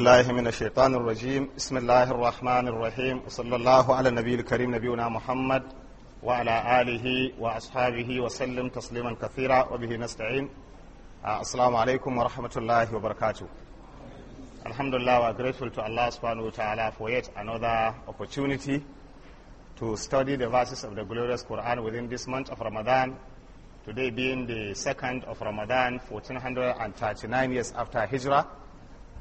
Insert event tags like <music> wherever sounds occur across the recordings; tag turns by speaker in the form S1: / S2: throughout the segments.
S1: الله من الشيطان الرجيم بسم الله الرحمن الرحيم وصلى الله على النبي الكريم نبينا محمد وعلى آله وأصحابه وسلم تسليما كثيرا وبه نستعين السلام عليكم ورحمة الله وبركاته Alhamdulillah, we are grateful to Allah subhanahu wa for yet another opportunity to study the verses of the glorious Quran within this month of Ramadan. Today being the second of Ramadan, 1439 years after Hijrah.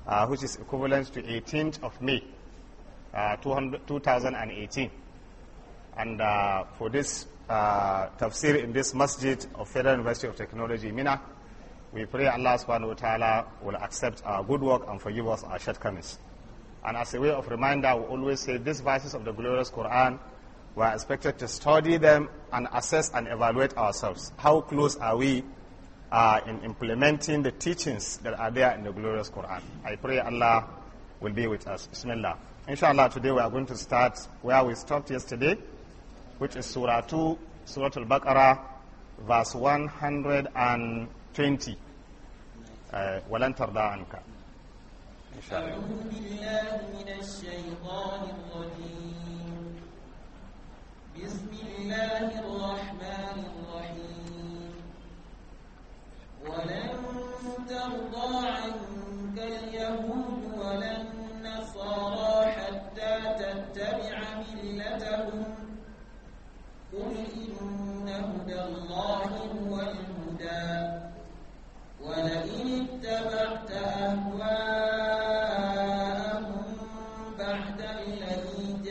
S1: uh, which is equivalent to 18th of May, uh, 2018. And uh, for this uh, tafsir in this masjid of Federal University of Technology, Mina, we pray Allah subhanahu wa ta'ala will accept our good work and forgive us our shortcomings. And as a way of reminder, we always say these verses of the glorious Quran, we are expected to study them and assess and evaluate ourselves. How close are we uh, in implementing the teachings that are there in the glorious Quran. I pray Allah will be with us. Bismillah. Inshallah, today we are going to start where we stopped yesterday, which is Surah 2, Surah Al-Baqarah, verse 120. ولن ترضى عنك إن شاء الله أعوذ
S2: بالله من الشيطان الرجيم بسم الله الرحمن الرحيم ولن ترضى عنك اليهود ولا النصارى حتى تتبع ملتهم قل إن هدى الله هو الهدى ولئن اتبعت أهواءهم بعد الذي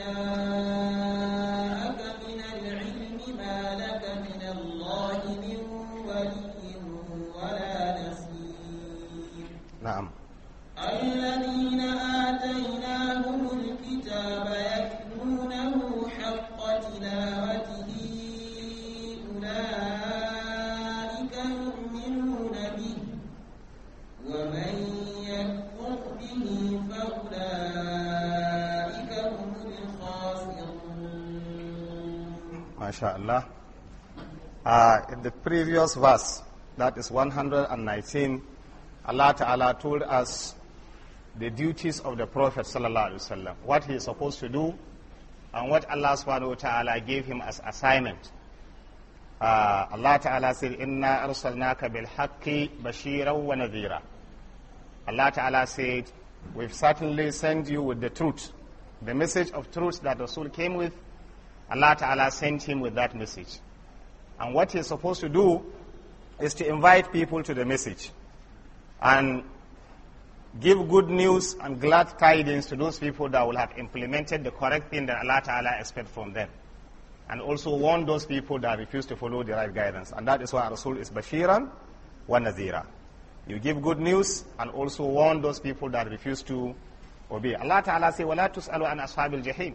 S2: نعم الذين آتيناهم الكتاب يتلونه حق تلاوته أولئك يؤمنون به ومن يكفر به فأولئك هم الخاسرون
S1: ما شاء الله Uh, in the previous verse, that is 119, Allah Ta'ala told us the duties of the Prophet Sallallahu what he is supposed to do and what Allah Subhanahu Ta'ala gave him as assignment. Uh, Allah Ta'ala said, Inna arsalnaka bil bashira wa nadhira. Allah Ta'ala said, We've certainly sent you with the truth. The message of truth that Rasul came with, Allah Ta'ala sent him with that message. And what he's supposed to do is to invite people to the message and give good news and glad tidings to those people that will have implemented the correct thing that Allah Ta'ala expects from them. And also warn those people that refuse to follow the right guidance. And that is why Rasul is Bashiran wa Nazira. You give good news and also warn those people that refuse to obey. Allah Ta'ala says, وَلَا تُسْأَلُوا أَنْ أَصْحَابِ الْجَحِيمِ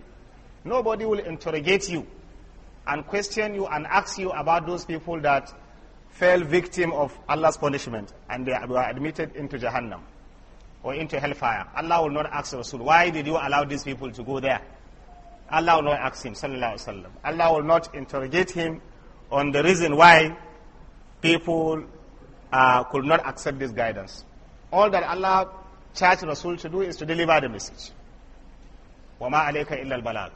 S1: Nobody will interrogate you and question you and ask you about those people that fell victim of Allah's punishment and they were admitted into Jahannam or into hellfire. Allah will not ask Rasul, why did you allow these people to go there? Allah will not ask him, sallallahu alayhi wa Allah will not interrogate him on the reason why people uh, could not accept this guidance. All that Allah charged Rasul to do is to deliver the message. وَمَا عَلَيْكَ إِلَّا الْبَلَاغِ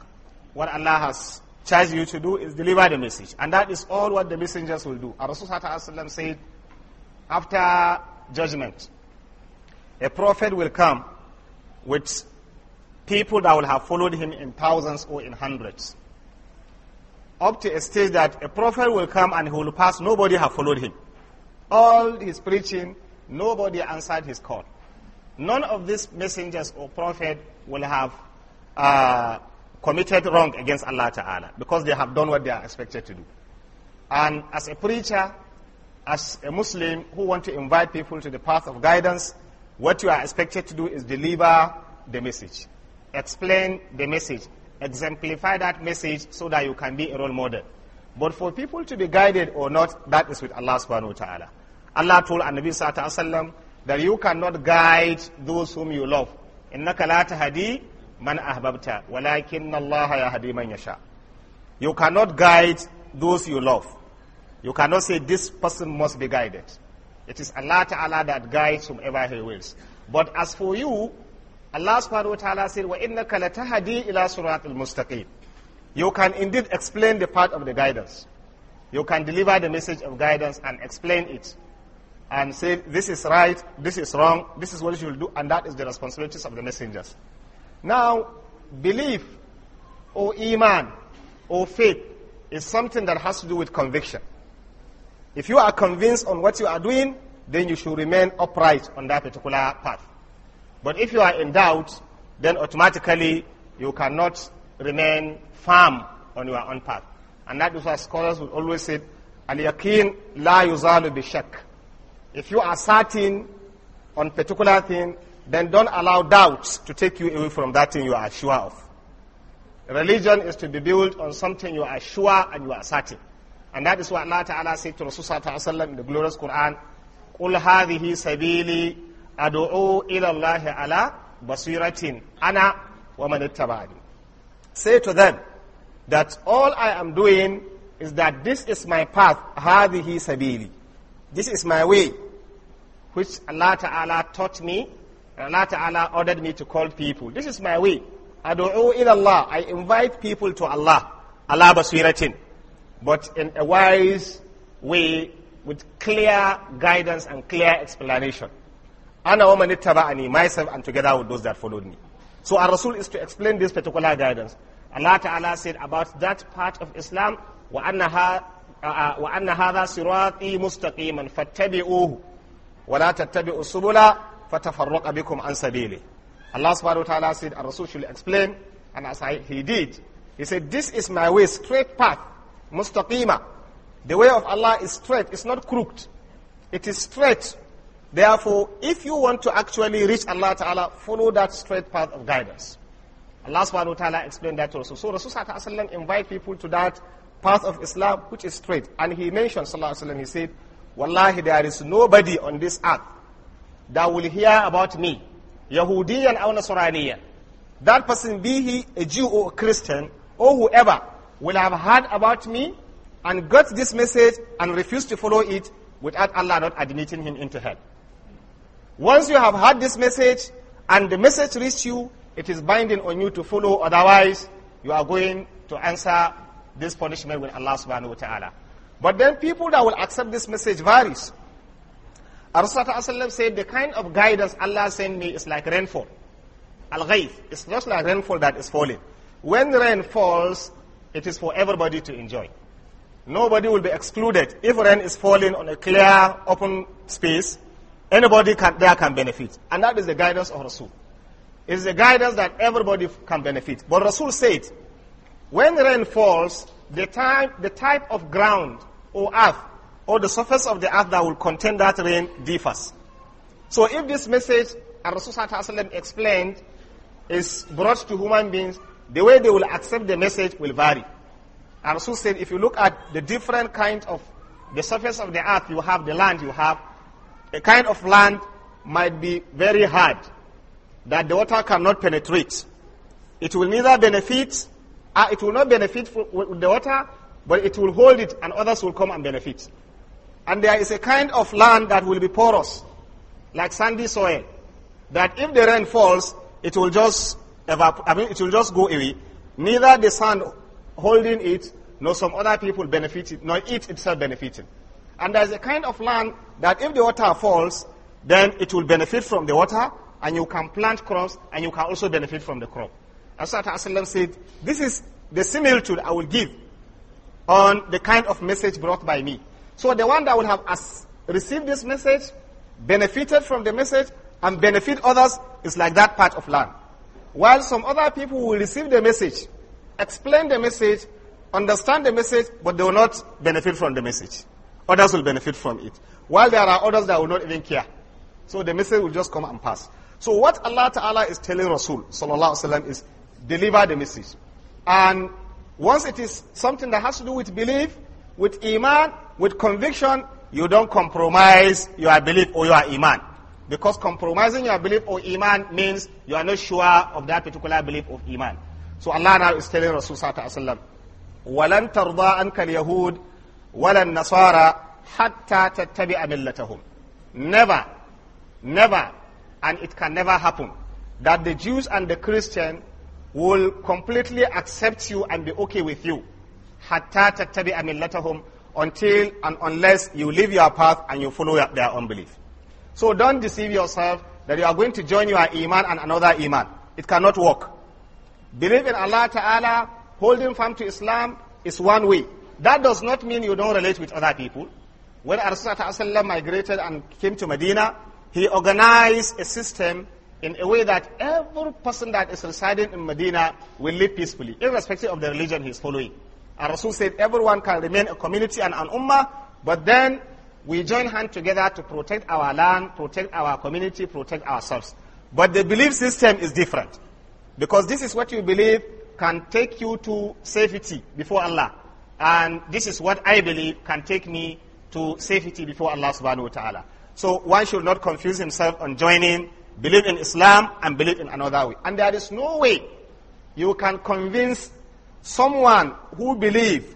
S1: What Allah has charge you to do is deliver the message. And that is all what the messengers will do. Rasulullah said, after judgment, a prophet will come with people that will have followed him in thousands or in hundreds. Up to a stage that a prophet will come and he will pass, nobody have followed him. All his preaching, nobody answered his call. None of these messengers or prophet will have uh, committed wrong against Allah Ta'ala because they have done what they are expected to do. And as a preacher, as a Muslim who want to invite people to the path of guidance, what you are expected to do is deliver the message, explain the message, exemplify that message so that you can be a role model. But for people to be guided or not, that is with Allah subhanahu wa ta'ala. Allah told An-Nabi sallallahu alayhi that you cannot guide those whom you love. إِنَّكَ لَا تَهَدِي man ahbabta walakin Allah man yasha. You cannot guide those you love. You cannot say this person must be guided. It is Allah Ta'ala that guides whomever He wills. But as for you, Allah subhanahu wa ta'ala said, وَإِنَّكَ لَتَهَدِي إِلَىٰ سُرَاطِ الْمُسْتَقِيمِ You can indeed explain the part of the guidance. You can deliver the message of guidance and explain it. And say, this is right, this is wrong, this is what you should do, and that is the responsibilities of the messengers. Now, belief or iman or faith is something that has to do with conviction. If you are convinced on what you are doing, then you should remain upright on that particular path. But if you are in doubt, then automatically you cannot remain firm on your own path. And that is why scholars would always say, Al-yaqeen la yuzalu bi If you are certain on particular thing, then don't allow doubts to take you away from that thing you are sure of. Religion is to be built on something you are sure and you are certain. And that is what Allah Ta'ala said to Rasulullah Sallallahu in the glorious Quran, قُلْ هَذِهِ سَبِيلِي أَدُعُوا إِلَى اللَّهِ عَلَى بَصِيرَةٍ أَنَا وَمَنِ اتَّبَعَنِي Say to them that all I am doing is that this is my path, هَذِهِ سَبِيلِي This is my way, which Allah Ta'ala taught me Allah Ta'ala ordered me to call people. This is my way. Adu'u ila Allah. I invite people to Allah. Allah basiratin. But in a wise way, with clear guidance and clear explanation. Ana wa man ittaba'ani, myself and together with those that followed me. So our Rasul is to explain this particular guidance. Allah Ta'ala said about that part of Islam, وَأَنَّ هَذَا صِرَاطِي مُسْتَقِيمًا فَاتَّبِعُوهُ وَلَا تَتَّبِعُوا السُّبُلَ فَتَفَرَّقَ بِكُمْ عَنْ سَبِيلِ Allah subhanahu wa ta'ala said, and Rasul should explain, and as I, he did, he said, this is my way, straight path, mustaqima. The way of Allah is straight, it's not crooked. It is straight. Therefore, if you want to actually reach Allah ta'ala, follow that straight path of guidance. Allah subhanahu wa ta'ala explained that to Rasul. So Rasul sallallahu alayhi wa sallam invite people to that path of Islam, which is straight. And he mentioned, sallallahu alayhi wa sallam, he said, Wallahi, there is nobody on this earth that will hear about me, Yahudiyan or Nasraniyan, that person, be he a Jew or a Christian or whoever, will have heard about me and got this message and refused to follow it without Allah not admitting him into hell. Once you have heard this message and the message reached you, it is binding on you to follow, otherwise you are going to answer this punishment with Allah subhanahu wa ta'ala. But then people that will accept this message varies. Rasulullah said, the kind of guidance Allah sent me is like rainfall. Al-ghayth. It's just like rainfall that is falling. When rain falls, it is for everybody to enjoy. Nobody will be excluded. If rain is falling on a clear, open space, anybody can, there can benefit. And that is the guidance of Rasul. It's the guidance that everybody can benefit. But Rasul said, when rain falls, the, time, the type of ground or earth or the surface of the earth that will contain that rain differs. So if this message Rasulullah explained is brought to human beings, the way they will accept the message will vary. And Rasul said, if you look at the different kind of the surface of the earth, you have the land you have, a kind of land might be very hard that the water cannot penetrate. It will neither benefit, uh, it will not benefit the water, but it will hold it and others will come and benefit. And there is a kind of land that will be porous, like sandy soil, that if the rain falls, it will just evaporate, I mean, it will just go away. Neither the sand holding it, nor some other people benefiting nor it itself benefiting. And there is a kind of land that if the water falls, then it will benefit from the water, and you can plant crops, and you can also benefit from the crop. As Rasulullah said, this is the similitude I will give on the kind of message brought by me. So the one that will have as received this message, benefited from the message, and benefit others is like that part of land. While some other people will receive the message, explain the message, understand the message, but they will not benefit from the message. Others will benefit from it. While there are others that will not even care. So the message will just come and pass. So what Allah Ta'ala is telling Rasul Sallallahu Alaihi Wasallam is deliver the message. And once it is something that has to do with belief, with iman, with conviction, you don't compromise your belief or your iman. Because compromising your belief or iman means you are not sure of that particular belief of iman. So Allah now is telling Rasul Sallallahu Alaihi Wasallam, وَلَن تَرْضَىٰ أَنْكَ الْيَهُودِ وَلَا النَّصَارَى حَتَّى تَتَّبِعَ مِلَّتَهُمْ Never, never, and it can never happen, that the Jews and the Christian will completely accept you and be okay with you. حَتَّى تَتَّبِعَ مِلَّتَهُمْ until and unless you leave your path and you follow their unbelief. So don't deceive yourself that you are going to join your iman and another iman. It cannot work. Believe in Allah Ta'ala, holding firm to Islam is one way. That does not mean you don't relate with other people. When Rasulullah migrated and came to Medina, he organized a system in a way that every person that is residing in Medina will live peacefully, irrespective of the religion he is following. Our Rasul said everyone can remain a community and an ummah, but then we join hands together to protect our land, protect our community, protect ourselves. But the belief system is different. Because this is what you believe can take you to safety before Allah. And this is what I believe can take me to safety before Allah subhanahu wa ta'ala. So one should not confuse himself on joining, believe in Islam and believe in another way. And there is no way you can convince someone who believe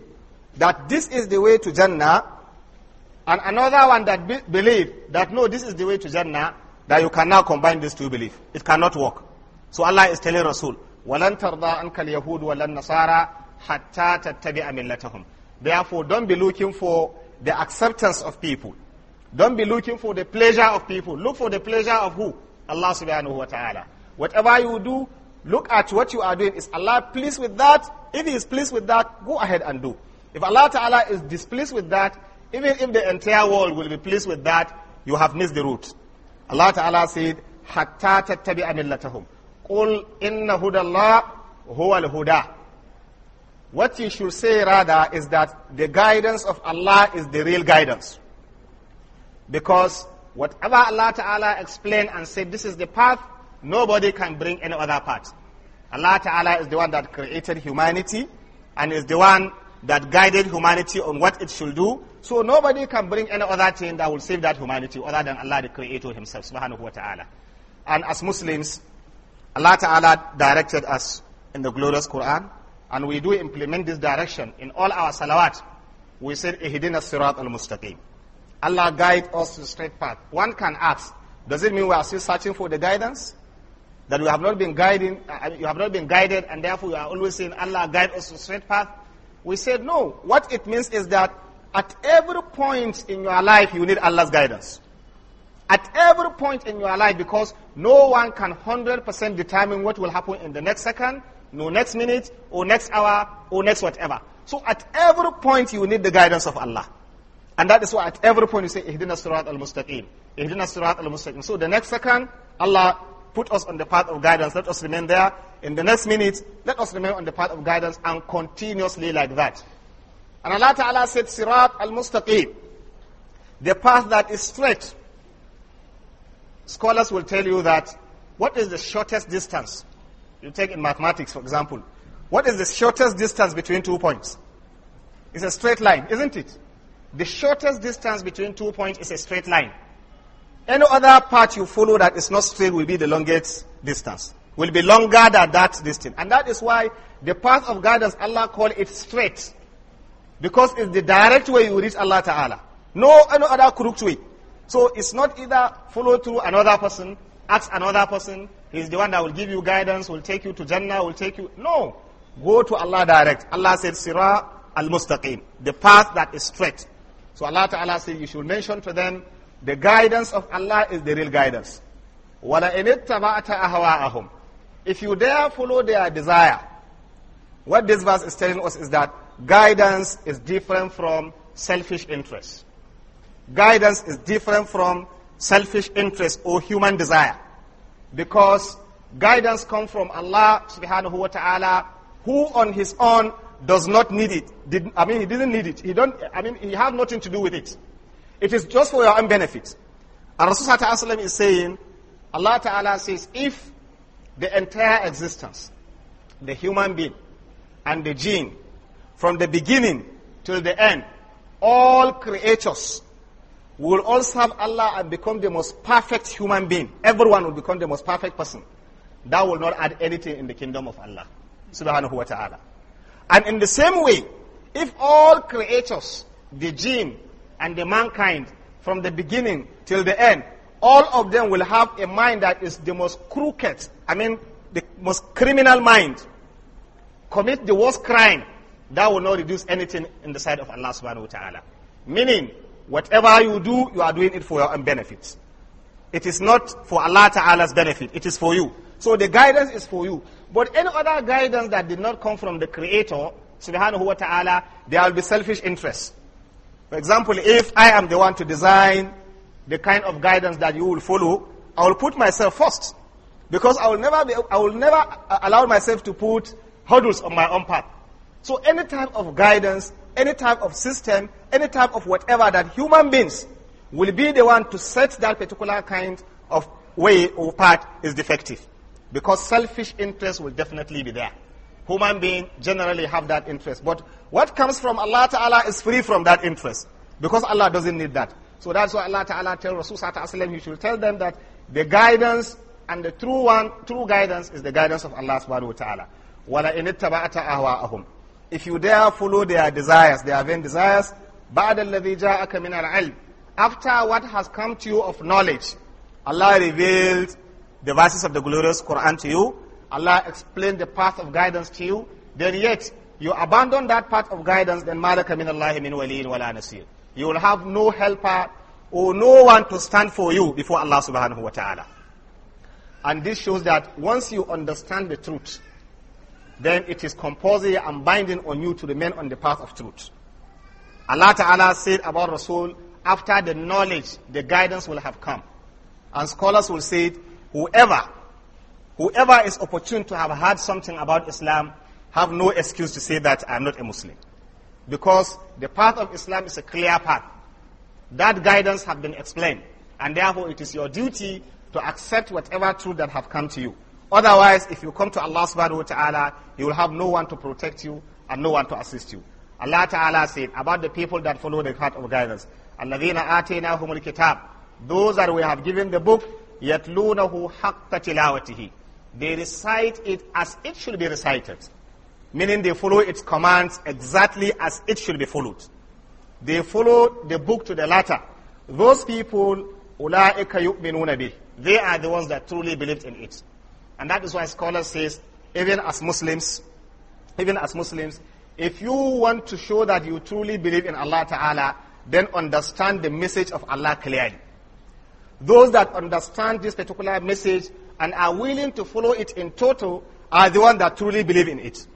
S1: that this is the way to Jannah, and another one that be believe that no, this is the way to Jannah, that you can now combine these two beliefs. It cannot work. So Allah is telling Rasul, وَلَن تَرْضَىٰ أَنْكَ الْيَهُودُ وَلَن نَصَارَىٰ حَتَّى تَتَّبِعَ مِلَّتَهُمْ Therefore, don't be looking for the acceptance of people. Don't be looking for the pleasure of people. Look for the pleasure of who? Allah subhanahu wa ta'ala. Whatever you do, look at what you are doing. Is Allah pleased with that if He is pleased with that, go ahead and do. If Allah Ta'ala is displeased with that, even if the entire world will be pleased with that, you have missed the route. Allah Ta'ala said, حَتَّى تَتَّبِعَ مِلَّتَهُمْ قُلْ إِنَّ هُدَى اللَّهِ هُوَ الْهُدَى What you should say rather is that the guidance of Allah is the real guidance. Because whatever Allah Ta'ala explained and said, this is the path, nobody can bring any other path. Allah Ta'ala is the one that created humanity and is the one that guided humanity on what it should do. So nobody can bring any other thing that will save that humanity other than Allah the Creator Himself, subhanahu wa ta'ala. And as Muslims, Allah Ta'ala directed us in the glorious Quran, and we do implement this direction in all our salawat. We said, Ihidina Sirat al Mustaqim. Allah guide us to the straight path. One can ask, does it mean we are still searching for the guidance? That you have not been guiding, uh, uh, you have not been guided, and therefore you are always saying, Allah guide us to straight path. We said, no. What it means is that at every point in your life, you need Allah's guidance. At every point in your life, because no one can 100% determine what will happen in the next second, no next minute, or next hour, or next whatever. So at every point, you need the guidance of Allah. And that is why at every point you say, Ihdina Surat al-Mustaqim. Ihdina Surat al-Mustaqim. So the next second, Allah put us on the path of guidance. Let us remain there. In the next minute, let us remain on the path of guidance and continuously like that. And Allah Ta'ala said, Sirat al-Mustaqim, the path that is straight. Scholars will tell you that what is the shortest distance? You take in mathematics, for example. What is the shortest distance between two points? It's a straight line, isn't it? The shortest distance between two points is a straight line. Any other path you follow that is not straight will be the longest distance, will be longer than that distance. And that is why the path of guidance, Allah call it straight. Because it's the direct way you reach Allah Ta'ala. No, no other crooked way. So it's not either follow through another person, ask another person, he's the one that will give you guidance, will take you to Jannah, will take you. No. Go to Allah direct. Allah said, Sirah al-Mustaqim. The path that is straight. So Allah Ta'ala said, you should mention to them the guidance of Allah is the real guidance. If you dare follow their desire, what this verse is telling us is that guidance is different from selfish interest. Guidance is different from selfish interest or human desire. Because guidance comes from Allah subhanahu wa ta'ala, who on his own does not need it. Did, I mean, he didn't need it. He don't, I mean, he had nothing to do with it. It is just for your own benefit. And Rasulullah is saying, Allah Ta'ala says, if the entire existence, the human being and the jinn, from the beginning till the end, all creatures will all serve Allah and become the most perfect human being. Everyone will become the most perfect person. That will not add anything in the kingdom of Allah. Subhanahu wa ta'ala. And in the same way, if all creatures, the jinn, and the mankind from the beginning till the end, all of them will have a mind that is the most crooked, I mean, the most criminal mind. Commit the worst crime, that will not reduce anything in the sight of Allah subhanahu wa ta'ala. Meaning, whatever you do, you are doing it for your own benefit. It is not for Allah ta'ala's benefit, it is for you. So the guidance is for you. But any other guidance that did not come from the Creator, subhanahu wa ta'ala, there will be selfish interests. For example, if I am the one to design the kind of guidance that you will follow, I will put myself first. Because I will never, be, I will never uh, allow myself to put hurdles on my own path. So any type of guidance, any type of system, any type of whatever that human beings will be the one to set that particular kind of way or path is defective. Because selfish interest will definitely be there human beings generally have that interest. But what comes from Allah Ta'ala is free from that interest. Because Allah doesn't need that. So that's why Allah Ta'ala tells Rasul he should tell them that the guidance and the true one, true guidance is the guidance of Allah subhanahu wa ta'ala. وَلَئِنِ اتَّبَعْتَ أَهْوَاءَهُمْ If you dare follow their desires, their vain desires, بَعْدَ الَّذِي جَاءَكَ مِنَ الْعِلْمِ After what has come to you of knowledge, Allah revealed the verses of the glorious Quran to you, Allah explained the path of guidance to you, then yet you abandon that path of guidance, then malaka min Allah min waliyin You will have no helper or no one to stand for you before Allah subhanahu wa ta'ala. And this shows that once you understand the truth, then it is compulsory and binding on you to remain on the path of truth. Allah Ta'ala said about Rasul, after the knowledge, the guidance will have come. And scholars will say, whoever Whoever is opportune to have heard something about Islam, have no excuse to say that I'm not a Muslim. Because the path of Islam is a clear path. That guidance has been explained. And therefore, it is your duty to accept whatever truth that have come to you. Otherwise, if you come to Allah subhanahu wa ta'ala, you will have no one to protect you and no one to assist you. Allah ta'ala said about the people that follow the path of guidance, الَّذِينَ آتَيْنَاهُمُ الْكِتَابِ Those that we have given the book, يَتْلُونَهُ حَقَّ تِلَاوَتِهِ they recite it as it should be recited, meaning they follow its commands exactly as it should be followed. They follow the book to the letter. Those people, they are the ones that truly believed in it. And that is why scholars say, even as Muslims, even as Muslims, if you want to show that you truly believe in Allah Ta'ala, then understand the message of Allah clearly. Those that understand this particular message, and are willing to follow it in total are the ones that truly believe in it.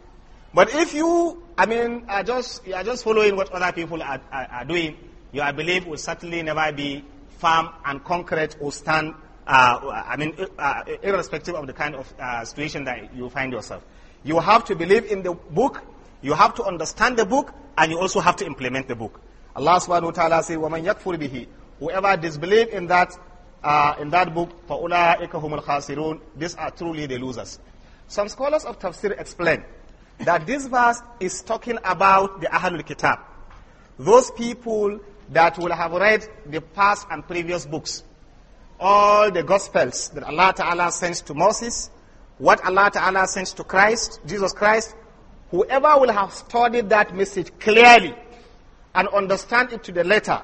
S1: But if you, I mean, are just, you are just following what other people are, are, are doing, your belief will certainly never be firm and concrete or stand, uh, I mean, uh, irrespective of the kind of uh, situation that you find yourself. You have to believe in the book, you have to understand the book, and you also have to implement the book. Allah subhanahu wa ta'ala says, وَمَنْ يَكْفُرْ بِهِ Whoever disbelieves in that, uh, in that book, فَأُولَٰئِكَ هُمُ الْخَاسِرُونَ These are truly the losers. Some scholars of tafsir explain that this verse is talking about the Ahlul Kitab. Those people that will have read the past and previous books. All the Gospels that Allah Ta'ala sends to Moses, what Allah Ta'ala sends to Christ, Jesus Christ, whoever will have studied that message clearly and understand it to the letter,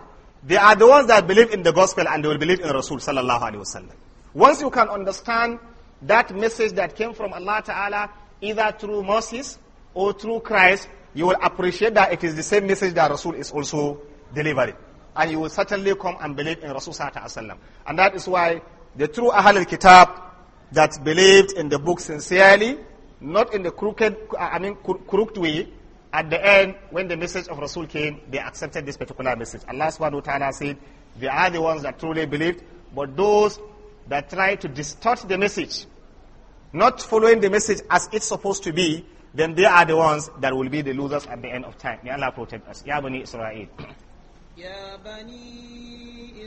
S1: they are the ones that believe in the gospel and they will believe in Rasul sallallahu alaihi wasallam. Once you can understand that message that came from Allah Ta'ala, either through Moses or through Christ, you will appreciate that it is the same message that Rasul is also delivering. And you will certainly come and believe in Rasul Sallallahu Alaihi Wasallam. And that is why the true Ahl al-Kitab that believed in the book sincerely, not in the crooked, I mean, crooked way, at the end, when the message of Rasul came, they accepted this particular message. Allah subhanahu wa ta'ala said, they are the ones that truly believed, but those that try to distort the message, not following the message as it's supposed to be, then they are the ones that will be the losers at the end of time. May Allah protect us. Ya Bani Israel.
S2: يا بني إسرائيل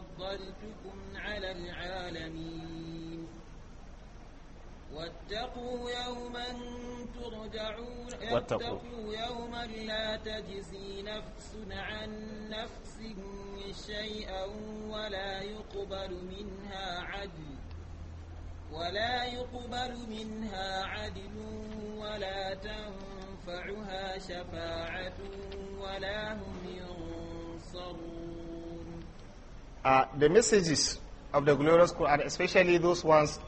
S2: فضلتكم على العالمين واتقوا يوما ترجعون واتقوا يوما لا تجزي نفس عن نفس شيئا ولا يقبل منها عدل ولا يقبل منها عدل ولا تنفعها شفاعة
S1: ولا هم ينصرون uh, the messages of the glorious Quran, especially those ones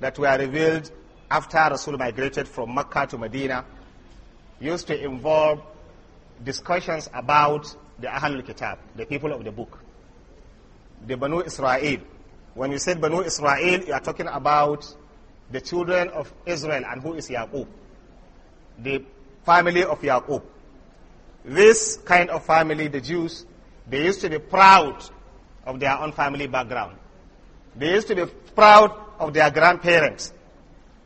S1: that were revealed after Rasul migrated from Mecca to Medina, used to involve discussions about the Ahlul Kitab, the people of the book. The Banu Israel. When you said Banu Israel, you are talking about the children of Israel and who is Yaqub. The family of Yaqub. This kind of family, the Jews, they used to be proud of their own family background. They used to be proud of their grandparents.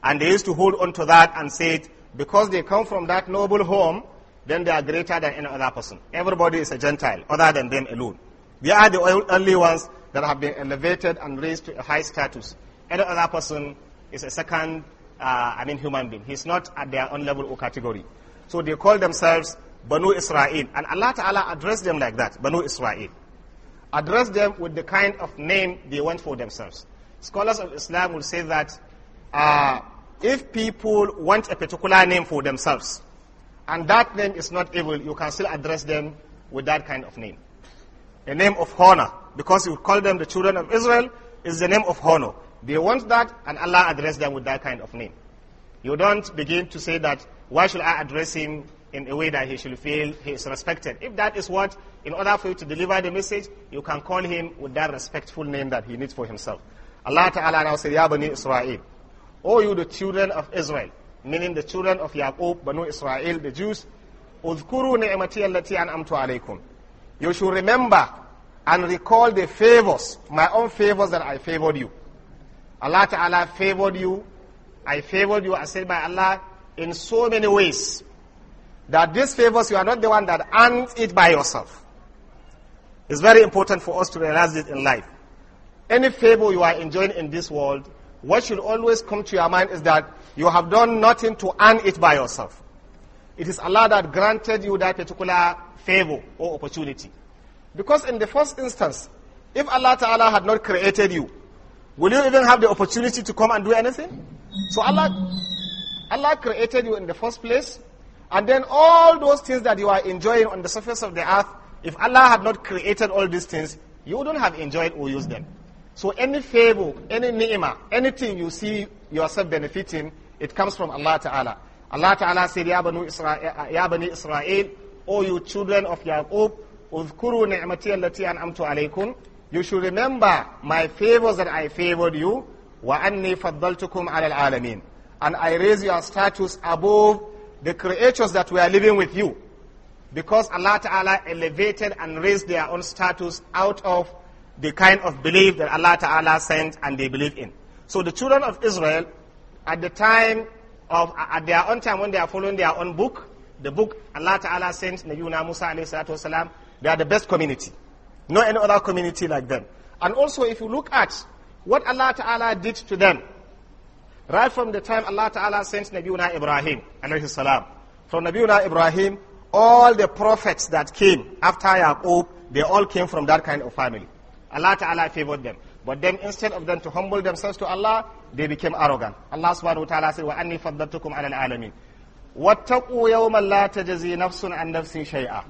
S1: And they used to hold on to that and say it because they come from that noble home, then they are greater than any other person. Everybody is a Gentile, other than them alone. They are the only ones that have been elevated and raised to a high status. Any other person is a second, uh, I mean, human being. He's not at their own level or category. So they call themselves Banu Israel. And Allah Ta'ala addressed them like that, Banu Israel address them with the kind of name they want for themselves. Scholars of Islam will say that uh, if people want a particular name for themselves, and that name is not evil, you can still address them with that kind of name. A name of honor, because you call them the children of Israel, is the name of honor. They want that, and Allah address them with that kind of name. You don't begin to say that, why should I address him in a way that he should feel he is respected. If that is what, in order for you to deliver the message, you can call him with that respectful name that he needs for himself. Allah Ta'ala now said, Ya Bani Israel, O you the children of Israel, meaning the children of Yaqub, Banu Israel, the Jews, Uzkuru ni'mati allati an'amtu alaykum. You should remember and recall the favors, my own favors that I favored you. Allah Ta'ala favored you. I favored you. I said by Allah in so many ways that these favors, you are not the one that earns it by yourself. It's very important for us to realize this in life. Any favor you are enjoying in this world, what should always come to your mind is that you have done nothing to earn it by yourself. It is Allah that granted you that particular favor or opportunity. Because in the first instance, if Allah Ta'ala had not created you, will you even have the opportunity to come and do anything? So Allah, Allah created you in the first place and then all those things that you are enjoying on the surface of the earth, if Allah had not created all these things, you wouldn't have enjoyed or used them. So any favor, any ni'mah, anything you see yourself benefiting, it comes from Allah Ta'ala. Allah Ta'ala said, Ya Bani Israel, ya Bani Israel O you children of Yaqub, Uzkuru ni'mati allati an'amtu alaykum. You should remember my favors that I favored you. Wa anni faddaltukum ala alamin. And I raise your status above the creatures that were living with you. Because Allah Ta'ala elevated and raised their own status out of the kind of belief that Allah Ta'ala sent and they believe in. So the children of Israel, at the time of, at their own time when they are following their own book, the book Allah Ta'ala sent Nabiuna Musa alayhi salatu wasalam, they are the best community. No any other community like them. And also if you look at what Allah Ta'ala did to them, Right from the time Allah Ta'ala sent Nabiuna Ibrahim, alayhi salam. From Nabiuna Ibrahim, all the prophets that came after Yaqub, they all came from that kind of family. Allah Ta'ala favored them. But then instead of them to humble themselves to Allah, they became arrogant. Allah subhanahu wa ta'ala said, وَأَنِّي فَضَّلْتُكُمْ عَلَى الْعَالَمِينَ وَاتَّقُوا يَوْمًا لَا تَجَزِي نَفْسٌ عَن نَفْسٍ شَيْئًا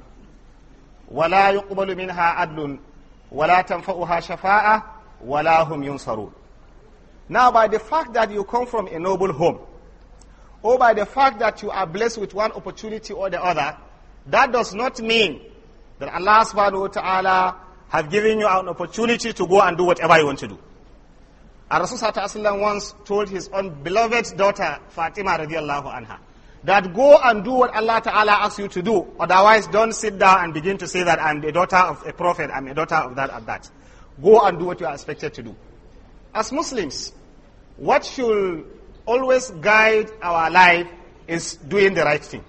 S1: وَلَا يُقْبَلُ مِنْهَا عَدْلٌ وَلَا تَنْفَعُهَا شَفَاعَةٌ وَلَا هُمْ يُنْصَرُونَ now, by the fact that you come from a noble home, or by the fact that you are blessed with one opportunity or the other, that does not mean that Allah subhanahu wa ta'ala have given you an opportunity to go and do whatever you want to do. Al Rasul once told his own beloved daughter Fatima radiallahu anha that go and do what Allah Ta'ala asks you to do. Otherwise, don't sit down and begin to say that I'm the daughter of a prophet, I'm a daughter of that and that. Go and do what you are expected to do. As Muslims, what should always guide our life is doing the right thing.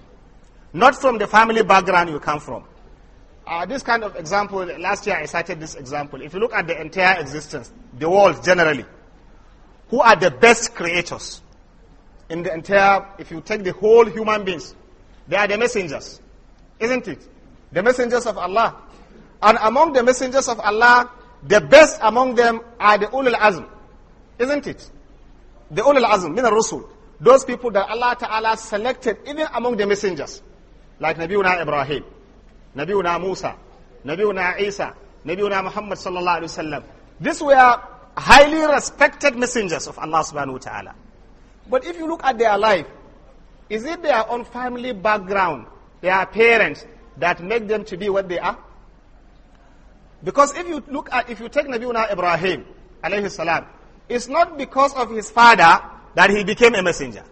S1: Not from the family background you come from. Uh, this kind of example, last year I cited this example. If you look at the entire existence, the world generally, who are the best creators in the entire, if you take the whole human beings, they are the messengers, isn't it? The messengers of Allah. And among the messengers of Allah, the best among them are the ulul azm, isn't it? the ulul azm min Rasul, those people that Allah Ta'ala selected even among the messengers, like Nabiuna Ibrahim, Nabiuna Musa, Nabiuna Isa, Nabiuna Muhammad sallallahu alaihi wasallam. These were highly respected messengers of Allah subhanahu wa ta'ala. But if you look at their life, is it their own family background, their parents, that make them to be what they are? Because if you look at, if you take Nabiuna Ibrahim, alayhi salam, it's not because of his father that he became a messenger.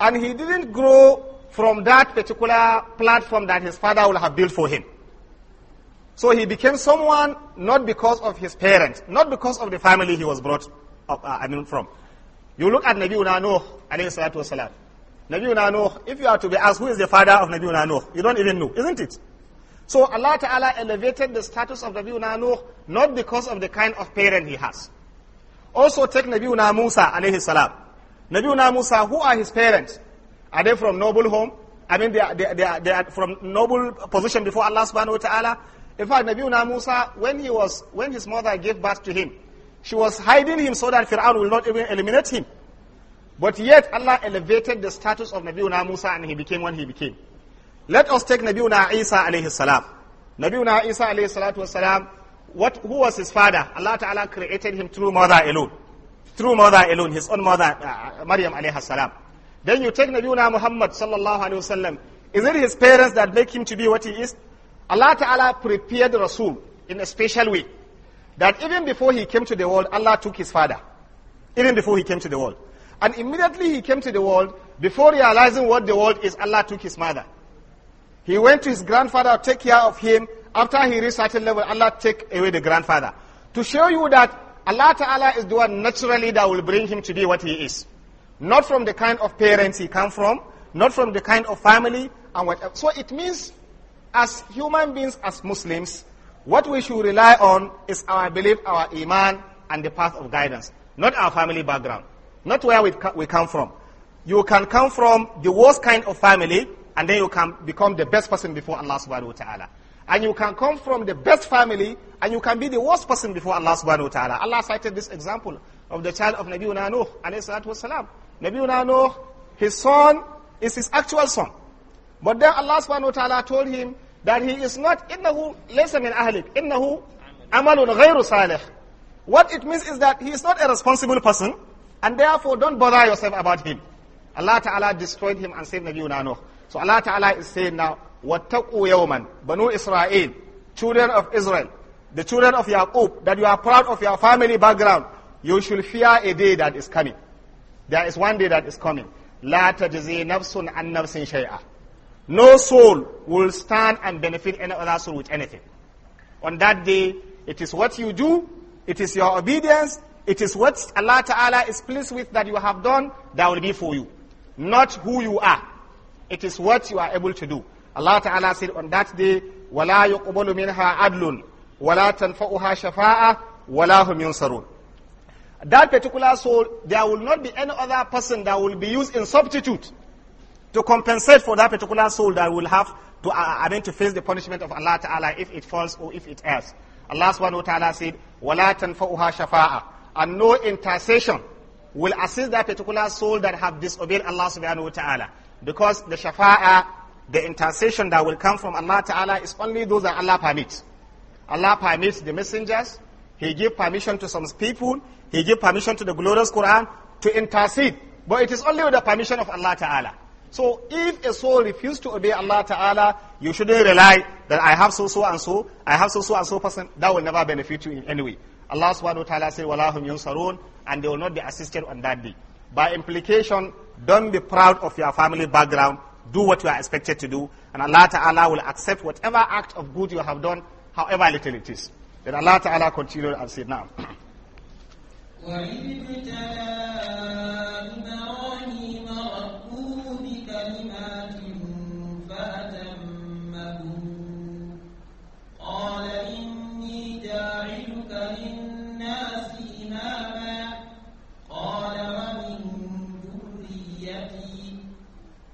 S1: And he didn't grow from that particular platform that his father would have built for him. So he became someone not because of his parents, not because of the family he was brought up, uh, I mean, from. You look at Nabiuna Nuh, alayhi salatu wasalam. Nabiuna Nuh, if you are to be asked who is the father of Nabiuna Nuh, you don't even know, isn't it? So Allah Ta'ala elevated the status of Nabiuna Nuh not because of the kind of parent he has. Also take Nabiuna Musa alayhi salam. Nabiuna Musa, who are his parents? Are they from noble home? I mean, they are, they, they, are, they are from noble position before Allah subhanahu wa ta'ala. In fact, Nabiuna Musa, when, he was, when his mother gave birth to him, she was hiding him so that Fir'aun will not even eliminate him. But yet Allah elevated the status of Nabiuna Musa and he became what he became. Let us take Nabiuna Isa alayhi salam. Nabiuna Isa alayhi salatu salam. What, who was his father? Allah Ta'ala created him through mother alone. Through mother alone, his own mother, uh, Maryam alayhi salam. Then you take Nabiuna Muhammad sallallahu alayhi wasallam. Is it his parents that make him to be what he is? Allah Ta'ala prepared Rasul in a special way. That even before he came to the world, Allah took his father. Even before he came to the world. And immediately he came to the world, before realizing what the world is, Allah took his mother. He went to his grandfather to take care of him, after he reached certain level, Allah take away the grandfather. To show you that Allah Ta'ala is the one naturally that will bring him to be what he is. Not from the kind of parents he come from, not from the kind of family and whatever. So it means as human beings, as Muslims, what we should rely on is our belief, our iman, and the path of guidance. Not our family background. Not where we, we come from. You can come from the worst kind of family, and then you can become the best person before Allah subhanahu wa ta'ala. And you can come from the best family and you can be the worst person before Allah subhanahu wa ta'ala. Allah cited this example of the child of Nabi Nuh alayhi salatu wasalam. Nabiuna Nuh, his son is his actual son. But then Allah subhanahu wa ta'ala told him that he is not, innahu لَيْسَ مِنْ أَهْلِكَ إِنَّهُ عَمَلٌ غَيْرُ What it means is that he is not a responsible person and therefore don't bother yourself about him. Allah Ta'ala destroyed him and saved Nabiuna Nuh. So Allah Ta'ala is saying now, وَاتَّقُوا يَوْمًا Banu Israel, children of Israel, the children of Yaqub, that you are proud of your family background, you should fear a day that is coming. There is one day that is coming. لَا تَجْزِي نَفْسٌ an نَفْسٍ شَيْئًا No soul will stand and benefit any other soul with anything. On that day, it is what you do, it is your obedience, it is what Allah Ta'ala is pleased with that you have done, that will be for you. Not who you are. It is what you are able to do. Allah Ta'ala said on that day, wala yuqbalu minha adlun wala tanfa'uha shafa'a wala hum yunsarun That particular soul, there will not be any other person that will be used in substitute to compensate for that particular soul that will have to, uh, uh I mean, to face the punishment of Allah Ta'ala if it falls or if it errs. Allah subhanahu wa ta'ala said, wala tanfa'uha shafa'a And no intercession will assist that particular soul that have disobeyed Allah subhanahu wa ta'ala. Because the shafa'a the intercession that will come from Allah Ta'ala is only those that Allah permits. Allah permits the messengers. He gave permission to some people. He gave permission to the glorious Quran to intercede. But it is only with the permission of Allah Ta'ala. So if a soul refuses to obey Allah Ta'ala, you shouldn't rely that I have so, so and so, I have so, so and so person. That will never benefit you in any way. Allah subhanahu wa ta'ala said, Walahum yunsarun, and they will not be assisted on that day. By implication, don't be proud of your family background do what you are expected to do, and Allah Ta'ala will accept whatever act of good you have done, however little it is. Then Allah Ta'ala continued and said, now.
S2: <laughs>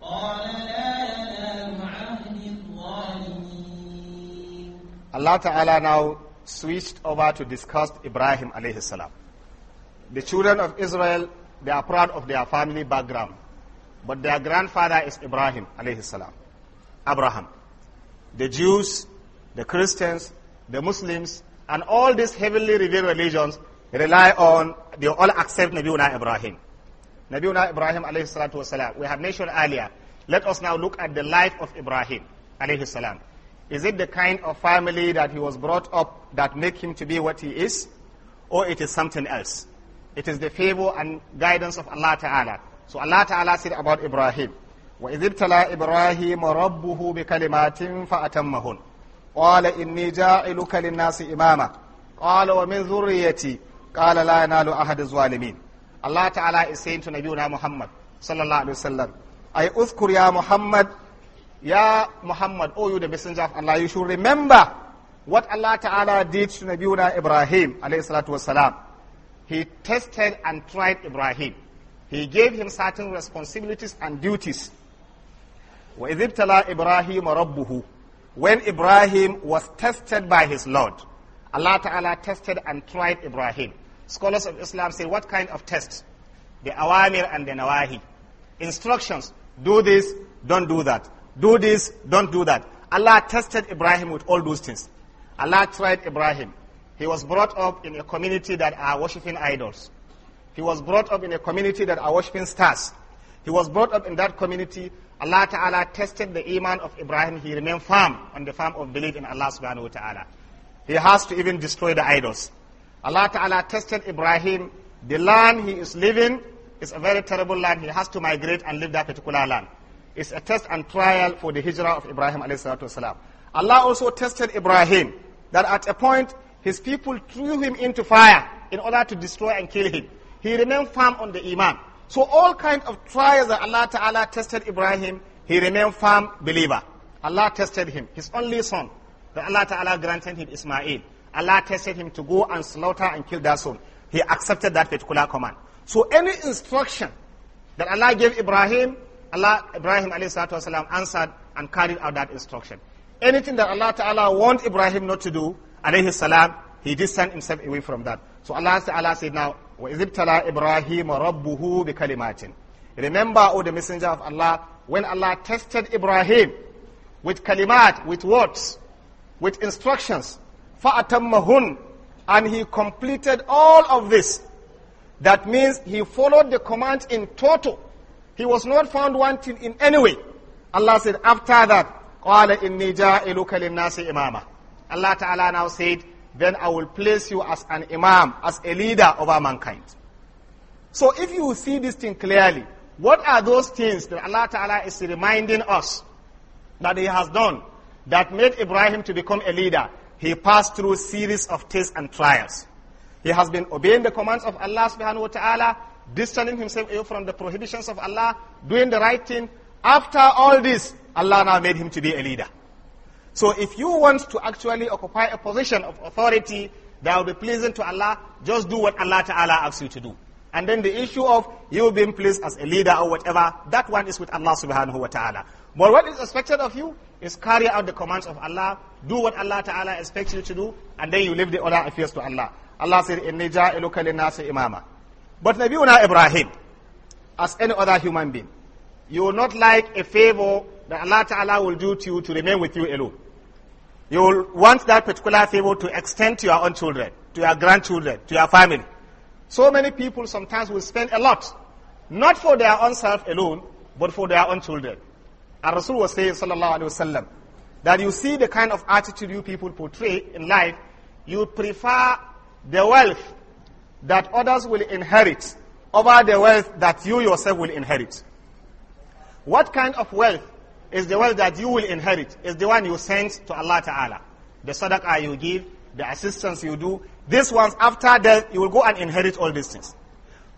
S2: قال
S1: Allah Ta'ala now switched over to discuss Ibrahim alayhi salam. The children of Israel, they are proud of their family background, but their grandfather is Ibrahim alayhi salam, Abraham. The Jews, the Christians, the Muslims, and all these heavenly revealed religions rely on, they all accept Nabiuna Ibrahim. Nabiuna Ibrahim alayhi salatu wasalam. We have mentioned earlier. Let us now look at the life of Ibrahim alayhi salam. Is it the kind of family that he was brought up that make him to be what he is? Or it is something else? It is the favor and guidance of Allah Ta'ala. So Allah Ta'ala said about Ibrahim, fa ابْتَلَى إِبْرَاهِيمَ رَبُّهُ بِكَلِمَاتٍ فَأَتَمَّهُنْ قال إني جاعلك للناس إماما قال ومن ذريتي قال لا ينال أحد الظالمين Allah Ta'ala is saying to Nabiuna Muhammad sallallahu alaihi wasallam I uzkur ya Muhammad Ya Muhammad, O oh you the messenger of Allah, you should remember what Allah Ta'ala did to Nabiuna Ibrahim alayhi He tested and tried Ibrahim. He gave him certain responsibilities and duties. وَإِذِ ابْتَلَى إِبْرَاهِيمَ When Ibrahim was tested by his Lord, Allah Ta'ala tested and tried Ibrahim. Scholars of Islam say, what kind of test? The awamir and the nawahi. Instructions, do this, don't do that. Do this, don't do that. Allah tested Ibrahim with all those things. Allah tried Ibrahim. He was brought up in a community that are worshipping idols. He was brought up in a community that are worshipping stars. He was brought up in that community. Allah Ta'ala tested the iman of Ibrahim. He remained firm on the firm of belief in Allah Subhanahu Wa Ta'ala. He has to even destroy the idols. Allah Ta'ala tested Ibrahim. The land he is living is a very terrible land. He has to migrate and leave that particular land is a test and trial for the hijrah of Ibrahim alayhi Allah also tested Ibrahim that at a point his people threw him into fire in order to destroy and kill him. He remained firm on the iman. So all kind of trials that Allah Ta'ala tested Ibrahim, he remained firm believer. Allah tested him, his only son. That Allah Ta'ala granted him Ismail. Allah tested him to go and slaughter and kill that son. He accepted that particular command. So any instruction that Allah gave Ibrahim, Allah, Ibrahim والسلام, answered and carried out that instruction. Anything that Allah Ta'ala warned Ibrahim not to do, alayhi salam, he distanced himself away from that. So Allah, Allah said now, وَإِذِبْ تَلَى إِبْرَاهِيمَ رَبُّهُ بِكَلِمَاتٍ Remember, O the messenger of Allah, when Allah tested Ibrahim with kalimat, with words, with instructions, فَأَتَمَّهُنْ And he completed all of this. That means he followed the command in total. He was not found wanting in any way. Allah said, after that, قَالَ إِنِّي لِلنَّاسِ إِمَامًا Allah Ta'ala now said, then I will place you as an imam, as a leader over mankind. So if you see this thing clearly, what are those things that Allah Ta'ala is reminding us that He has done that made Ibrahim to become a leader? He passed through series of tests and trials. He has been obeying the commands of Allah subhanahu wa ta'ala distancing himself away from the prohibitions of Allah, doing the right thing. After all this, Allah now made him to be a leader. So if you want to actually occupy a position of authority that will be pleasing to Allah, just do what Allah Ta'ala asks you to do. And then the issue of you being pleased as a leader or whatever, that one is with Allah subhanahu wa ta'ala. But what is expected of you is carry out the commands of Allah, do what Allah ta'ala expects you to do, and then you leave the other affairs to Allah. Allah said, إِنِّي جَاءِ لِنَاسِ إِمَامًا but Nabiuna Ibrahim, as any other human being, you will not like a favor that Allah Ta'ala will do to you to remain with you alone. You will want that particular favor to extend to your own children, to your grandchildren, to your family. So many people sometimes will spend a lot, not for their own self alone, but for their own children. And Rasul was saying, sallallahu Alaihi wasallam, that you see the kind of attitude you people portray in life, you prefer the wealth that others will inherit over the wealth that you yourself will inherit. What kind of wealth is the wealth that you will inherit? Is the one you send to Allah Ta'ala. The sadaqah you give, the assistance you do. These ones, after death, you will go and inherit all these things.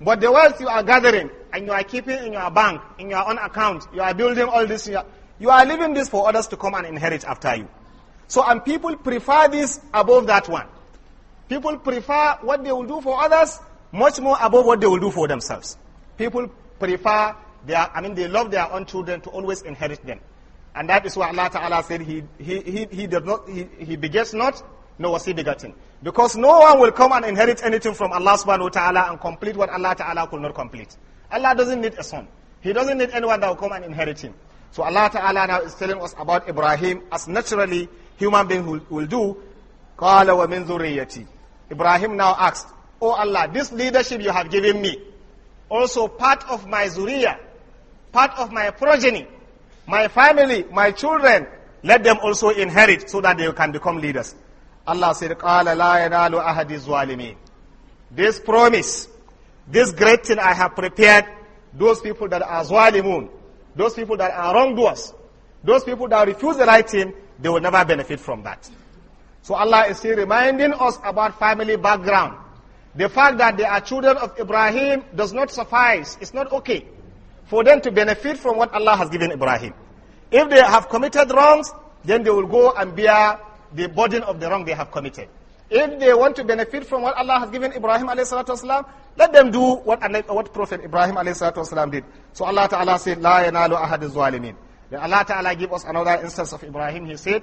S1: But the wealth you are gathering and you are keeping in your bank, in your own account, you are building all this, you are leaving this for others to come and inherit after you. So, and people prefer this above that one. People prefer what they will do for others much more above what they will do for themselves. People prefer their, I mean, they love their own children to always inherit them. And that is why Allah Ta'ala said he, he, he, he, not, he, he begets not, nor was he begotten. Because no one will come and inherit anything from Allah Subhanahu Wa Ta'ala and complete what Allah Ta'ala could not complete. Allah doesn't need a son. He doesn't need anyone that will come and inherit him. So Allah Ta'ala now is telling us about Ibrahim as naturally human being will, will do. قَالَ وَمِنْ ذُرِّيَّتِي Ibrahim now asked, Oh Allah, this leadership you have given me, also part of my zuriya, part of my progeny, my family, my children, let them also inherit so that they can become leaders. Allah said, قَالَ لَا يَنَالُ This promise, this great thing I have prepared, those people that are zwalimun, those people that are wrongdoers, those people that refuse the right thing, they will never benefit from that. So Allah is still reminding us about family background. The fact that they are children of Ibrahim does not suffice. It's not okay for them to benefit from what Allah has given Ibrahim. If they have committed wrongs, then they will go and bear the burden of the wrong they have committed. If they want to benefit from what Allah has given Ibrahim والسلام, let them do what, what Prophet Ibrahim والسلام, did. So Allah Ta'ala said, La yanalu ahad Then Allah Ta'ala give us another instance of Ibrahim. He said,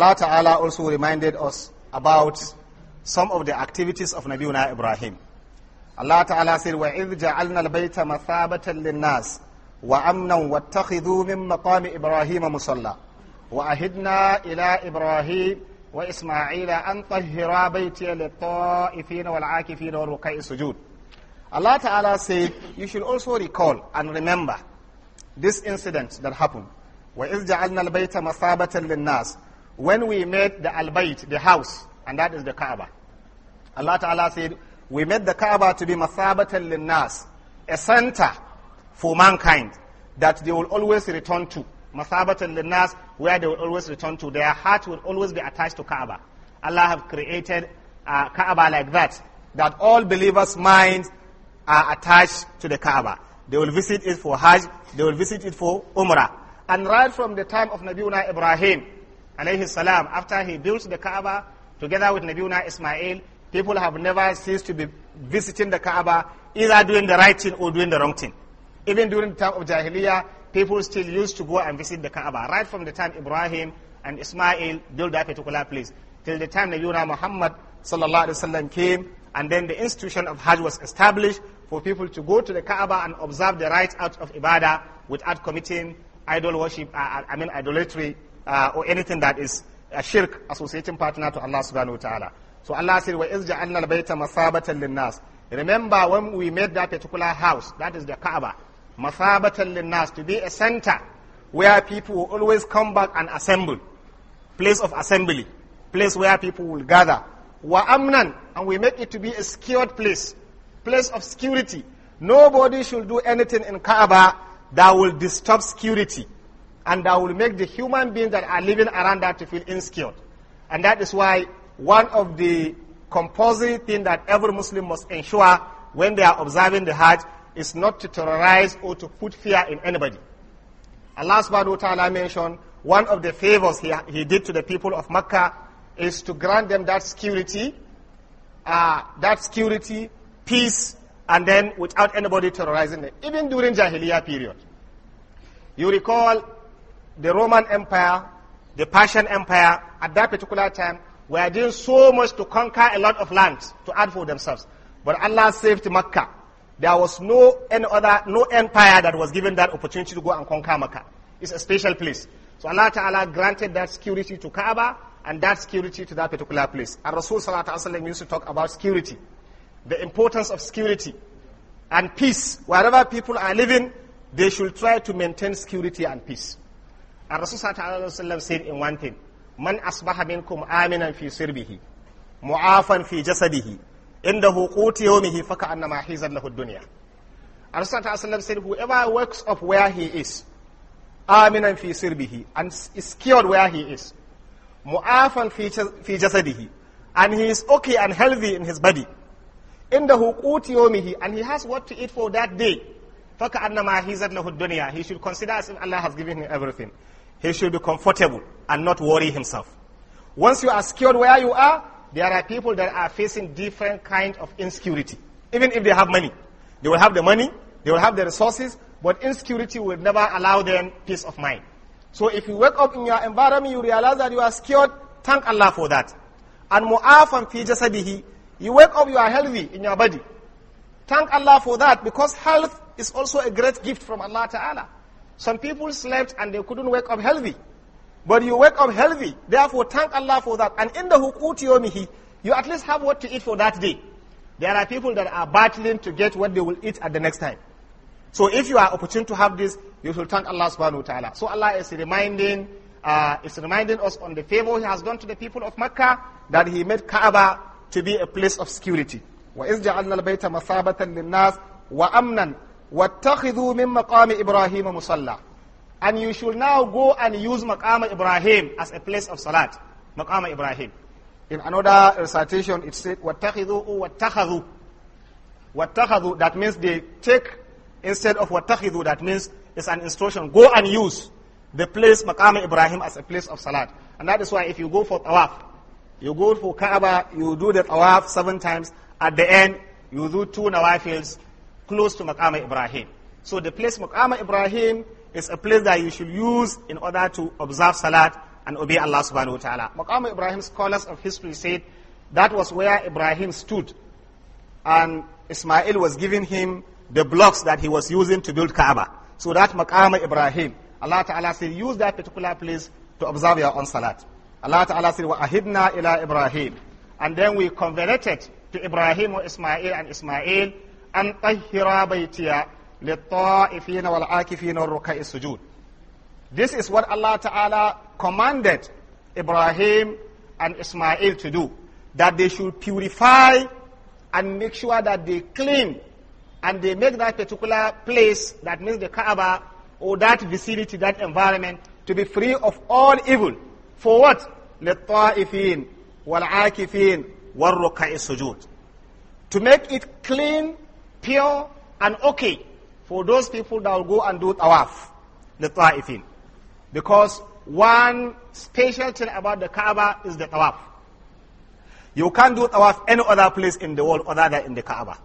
S1: Allah Ta'ala also reminded us about some of the activities of Nabiuna Ibrahim. Allah Ta'ala said, وَإِذْ جَعَلْنَا الْبَيْتَ مَثَابَةً لِلنَّاسِ وَأَمْنًا وَاتَّخِذُوا مِن مَقَامِ إِبْرَاهِيمَ مُصَلَّى وَأَهِدْنَا إِلَىٰ إِبْرَاهِيمَ وإسماعيل أن طهرا بيتي للطائفين والعاكفين والركع السجود Allah Ta'ala said, you should also recall and remember this incident that happened. وَإِذْ جَعَلْنَا الْبَيْتَ مَثَابَةً لِلنَّاسِ when we made the Al-Bayt, the house, and that is the Kaaba. Allah Ta'ala said, we made the Kaaba to be al linnas, a center for mankind that they will always return to. al linnas, where they will always return to. Their heart will always be attached to Kaaba. Allah have created a Kaaba like that, that all believers' minds are attached to the Kaaba. They will visit it for Hajj, they will visit it for Umrah. And right from the time of Nabiuna Ibrahim, alayhi salam, after he built the Kaaba together with Nabiuna Ismail, people have never ceased to be visiting the Kaaba, either doing the right thing or doing the wrong thing. Even during the time of Jahiliyyah, people still used to go and visit the Kaaba, right from the time Ibrahim and Ismail built that particular place, till the time Nabiuna Muhammad sallallahu alaihi wasallam came, and then the institution of Hajj was established for people to go to the Kaaba and observe the rites out of Ibadah without committing idol worship, uh, uh, I mean idolatry uh, or anything that is a shirk associating partner to Allah subhanahu wa ta'ala. So Allah said, وَإِذْ جَعَلْنَا الْبَيْتَ مَثَابَةً لِلنَّاسِ Remember when we made that particular house, that is the Kaaba, مَثَابَةً Nas, to be a center where people will always come back and assemble, place of assembly, place where people will gather. amnan, And we make it to be a secured place, place of security. Nobody should do anything in Kaaba that will disturb security and that will make the human beings that are living around that to feel insecure. And that is why one of the compulsory things that every Muslim must ensure when they are observing the Hajj is not to terrorize or to put fear in anybody. Allah subhanahu wa ta'ala mentioned one of the favors he, he did to the people of Mecca is to grant them that security, uh, that security, peace, and then without anybody terrorizing them, even during Jahiliyyah period. You recall the Roman Empire, the Persian Empire, at that particular time, were doing so much to conquer a lot of lands to add for themselves. But Allah saved Mecca. There was no any other, no empire that was given that opportunity to go and conquer Mecca. It's a special place. So Allah Ta'ala granted that security to Kaaba and that security to that particular place. And Rasul Sallallahu Alaihi Wasallam used to talk about security, the importance of security and peace. Wherever people are living, they should try to maintain security and peace. And Rasulullah said in one thing, Man asbaha minkum aminan fi sirbihi, mu'afan fi jasadihi, indahu quti yawmihi faka annama hizan lahu dunya. And Rasulullah said, whoever works up where he is, aminan fi sirbihi, and is cured where he is, mu'afan fi jasadihi, and he is okay and healthy in his body, indahu quti yawmihi, and he has what to eat for that day, فَكَأَنَّمَا هِزَتْ لَهُ dunya. He should consider as if Allah has given him everything he should be comfortable and not worry himself. Once you are secured where you are, there are people that are facing different kind of insecurity. Even if they have money, they will have the money, they will have the resources, but insecurity will never allow them peace of mind. So if you wake up in your environment, you realize that you are secured, thank Allah for that. And mu'afan fi jasadihi, you wake up, you are healthy in your body. Thank Allah for that because health is also a great gift from Allah Ta'ala. Some people slept and they couldn't wake up healthy. But you wake up healthy. Therefore, thank Allah for that. And in the hukut yomihi, you at least have what to eat for that day. There are people that are battling to get what they will eat at the next time. So if you are opportune to have this, you should thank Allah subhanahu wa ta'ala. So Allah is reminding, uh, is reminding us on the favor He has done to the people of Mecca that He made Kaaba to be a place of security. وَإِذْ جَعَلْنَا الْبَيْتَ مَثَابَةً لِلنَّاسِ وَأَمْنًا وَاتَّخِذُوا مِن مَقَامِ إِبْرَاهِيمَ مُصَلَّى And you should now go and use Maqam Ibrahim as a place of salat. Maqam Ibrahim. In another recitation, it said, وَاتَّخِذُوا وَاتَّخَذُوا وَاتَّخَذُوا That means they take instead of وَاتَّخِذُوا. That means it's an instruction. Go and use the place Maqam Ibrahim as a place of salat. And that is why if you go for tawaf, you go for Kaaba, you do the tawaf seven times. At the end, you do two nawafils close to Maqama Ibrahim. So the place Maqama Ibrahim is a place that you should use in order to observe Salat and obey Allah subhanahu wa ta'ala. Maqama Ibrahim scholars of history said that was where Ibrahim stood and Ismail was giving him the blocks that he was using to build Kaaba. So that Maqama Ibrahim, Allah Ta'ala said, use that particular place to observe your own Salat. Allah Ta'ala said, وَأَهِدْنَا إِلَىٰ Ibrahim. And then we converted to Ibrahim or Ismail and Ismail أن طهر بيتي للطائفين والعاكفين والركع السجود This is what Allah Ta'ala commanded Ibrahim and Ismail to do. That they should purify and make sure that they clean and they make that particular place, that means the Kaaba, or that vicinity, that environment, to be free of all evil. For what? للطائفين والعاكفين والركع sujud To make it clean pure and okay for those people that will go and do tawaf, the ta'ifin. Because one special thing about the Kaaba is the tawaf. You can't do tawaf any other place in the world other than in the Kaaba.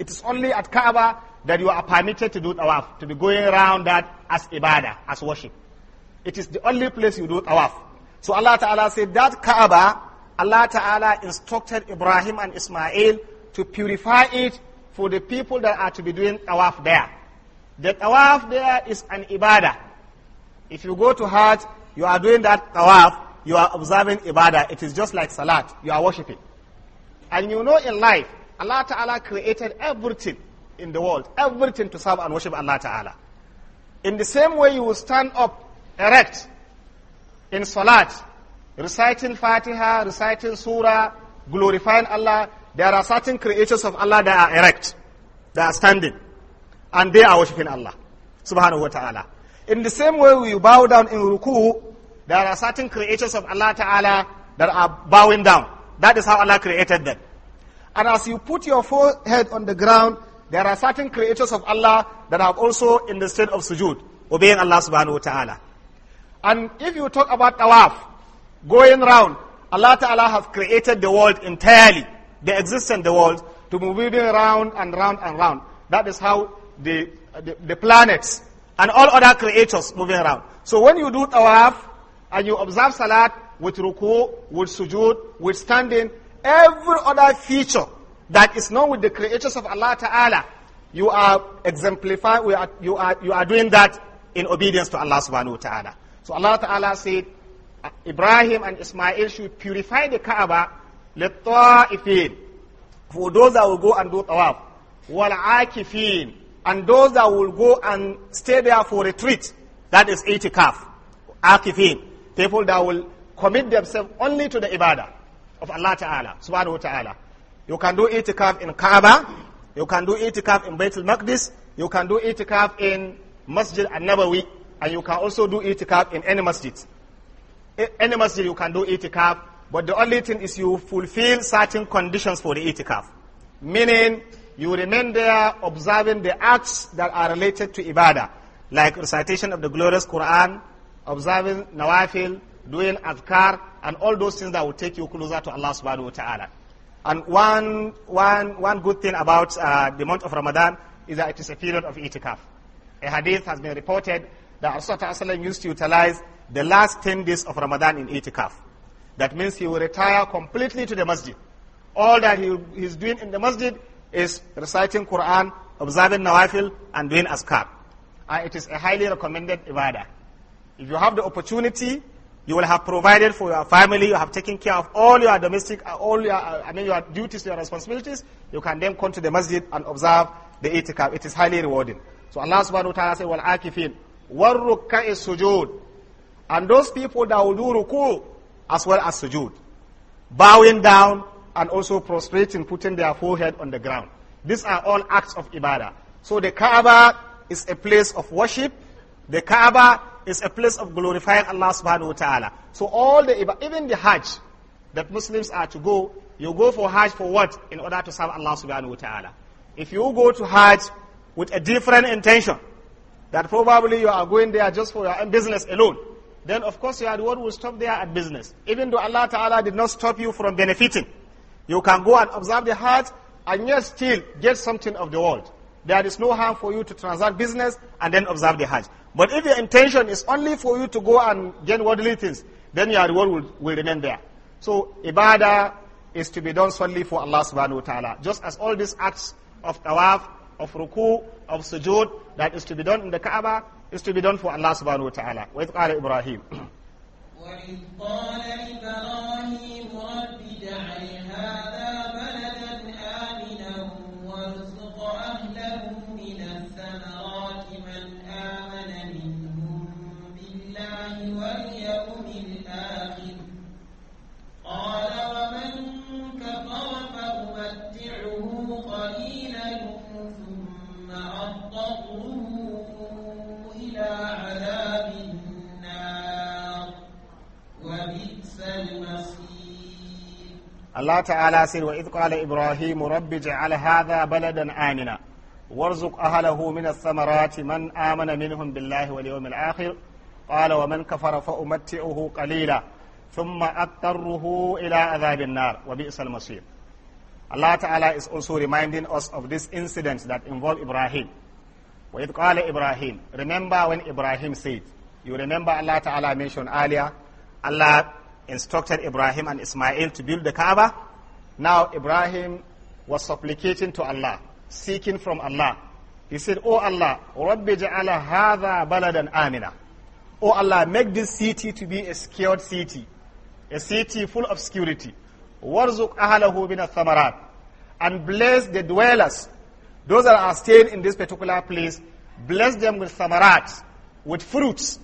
S1: It is only at Kaaba that you are permitted to do tawaf, to be going around that as ibadah, as worship. It is the only place you do tawaf. So Allah Ta'ala said that Kaaba, Allah Ta'ala instructed Ibrahim and Ismail to purify it for the people that are to be doing tawaf there. The tawaf there is an ibadah. If you go to Hajj, you are doing that tawaf, you are observing ibadah. It is just like salat, you are worshipping. And you know in life, Allah Ta'ala created everything in the world, everything to serve and worship Allah Ta'ala. In the same way you will stand up erect in salat, reciting Fatiha, reciting Surah, glorifying Allah, there are certain creatures of Allah that are erect, that are standing, and they are worshipping Allah, subhanahu wa ta'ala. In the same way we bow down in ruku, there are certain creatures of Allah ta'ala that are bowing down. That is how Allah created them. And as you put your forehead on the ground, there are certain creatures of Allah that are also in the state of sujood, obeying Allah subhanahu wa ta'ala. And if you talk about tawaf, going round, Allah Ta'ala has created the world entirely. They exist in the world to moving round and round and round. That is how the, the, the planets and all other creatures moving around. So when you do tawaf and you observe salat with ruku, with sujud, with standing, every other feature that is known with the creatures of Allah Ta'ala, you are exemplifying, you are, you, are, you are doing that in obedience to Allah Subhanahu Wa Ta'ala. So Allah Ta'ala said, uh, Ibrahim and Ismail should purify the Kaaba للطائفين for those that will go and do tawaf والعاكفين and those that will go and stay there for retreat that is itikaf akifin people that will commit themselves only to the ibadah of Allah Ta'ala subhanahu wa ta'ala you can do itikaf in Kaaba you can do itikaf in Baitul Maqdis you can do itikaf in Masjid An-Nabawi and you can also do itikaf in any masjid any masjid you can do itikaf but the only thing is you fulfill certain conditions for the itikaf. Meaning, you remain there observing the acts that are related to ibadah, like recitation of the glorious Quran, observing nawafil, doing adhkar, and all those things that will take you closer to Allah subhanahu wa ta'ala. And one, one, one good thing about uh, the month of Ramadan is that it is a period of itikaf. A hadith has been reported that Rasulullah used to utilize the last 10 days of Ramadan in itikaf. That means he will retire completely to the masjid. All that he is doing in the masjid is reciting Quran, observing nawafil, and doing askar. And it is a highly recommended ibadah. If you have the opportunity, you will have provided for your family, you have taken care of all your domestic, uh, all your, uh, I mean, your duties, your responsibilities. You can then come to the masjid and observe the itikaf. It is highly rewarding. So Allah subhanahu wa ta'ala says, وَالْعَاكِفِينَ وَالْرُكَّعِ sujud." And those people that will do ruku, as well as sujood, bowing down and also prostrating, putting their forehead on the ground. These are all acts of ibadah. So the Kaaba is a place of worship. The Kaaba is a place of glorifying Allah subhanahu wa ta'ala. So all the, even the Hajj that Muslims are to go, you go for Hajj for what? In order to serve Allah subhanahu wa ta'ala. If you go to Hajj with a different intention, that probably you are going there just for your own business alone, then of course your reward will stop there at business. Even though Allah Ta'ala did not stop you from benefiting, you can go and observe the heart and yet still get something of the world. There is no harm for you to transact business and then observe the Hajj. But if your intention is only for you to go and gain worldly things, then your reward will, will remain there. So ibadah is to be done solely for Allah subhanahu wa ta'ala. Just as all these acts of tawaf, of ruku, of sujood, that is to be done in the Kaaba, is to be done for Allah subhanahu wa ta'ala. Wa qala Ibrahim. وإذ قال إبراهيم رب اجعل هذا الله تعالى سير وإذ قال إبراهيم رب اجعل هذا بلدا آمنا وارزق أهله من الثمرات من آمن منهم بالله واليوم الآخر قال ومن كفر فأمتعه قليلا ثم أضطره إلى عذاب النار وبئس المصير Allah Ta'ala is also reminding us of this incident that involved Ibrahim. وإذ قال Ibrahim, remember when Ibrahim said, you remember Allah Ta'ala mentioned earlier, Allah instructed Ibrahim and Ismail to build the Kaaba. Now Ibrahim was supplicating to Allah, seeking from Allah. He said, Oh Allah, Rabbi ja'ala hadha baladan amina. Oh Allah, make this city to be a secured city, a city full of security. Warzuq ahalahu bin thamarat. And bless the dwellers, those that are staying in this particular place, bless them with thamarat, with fruits,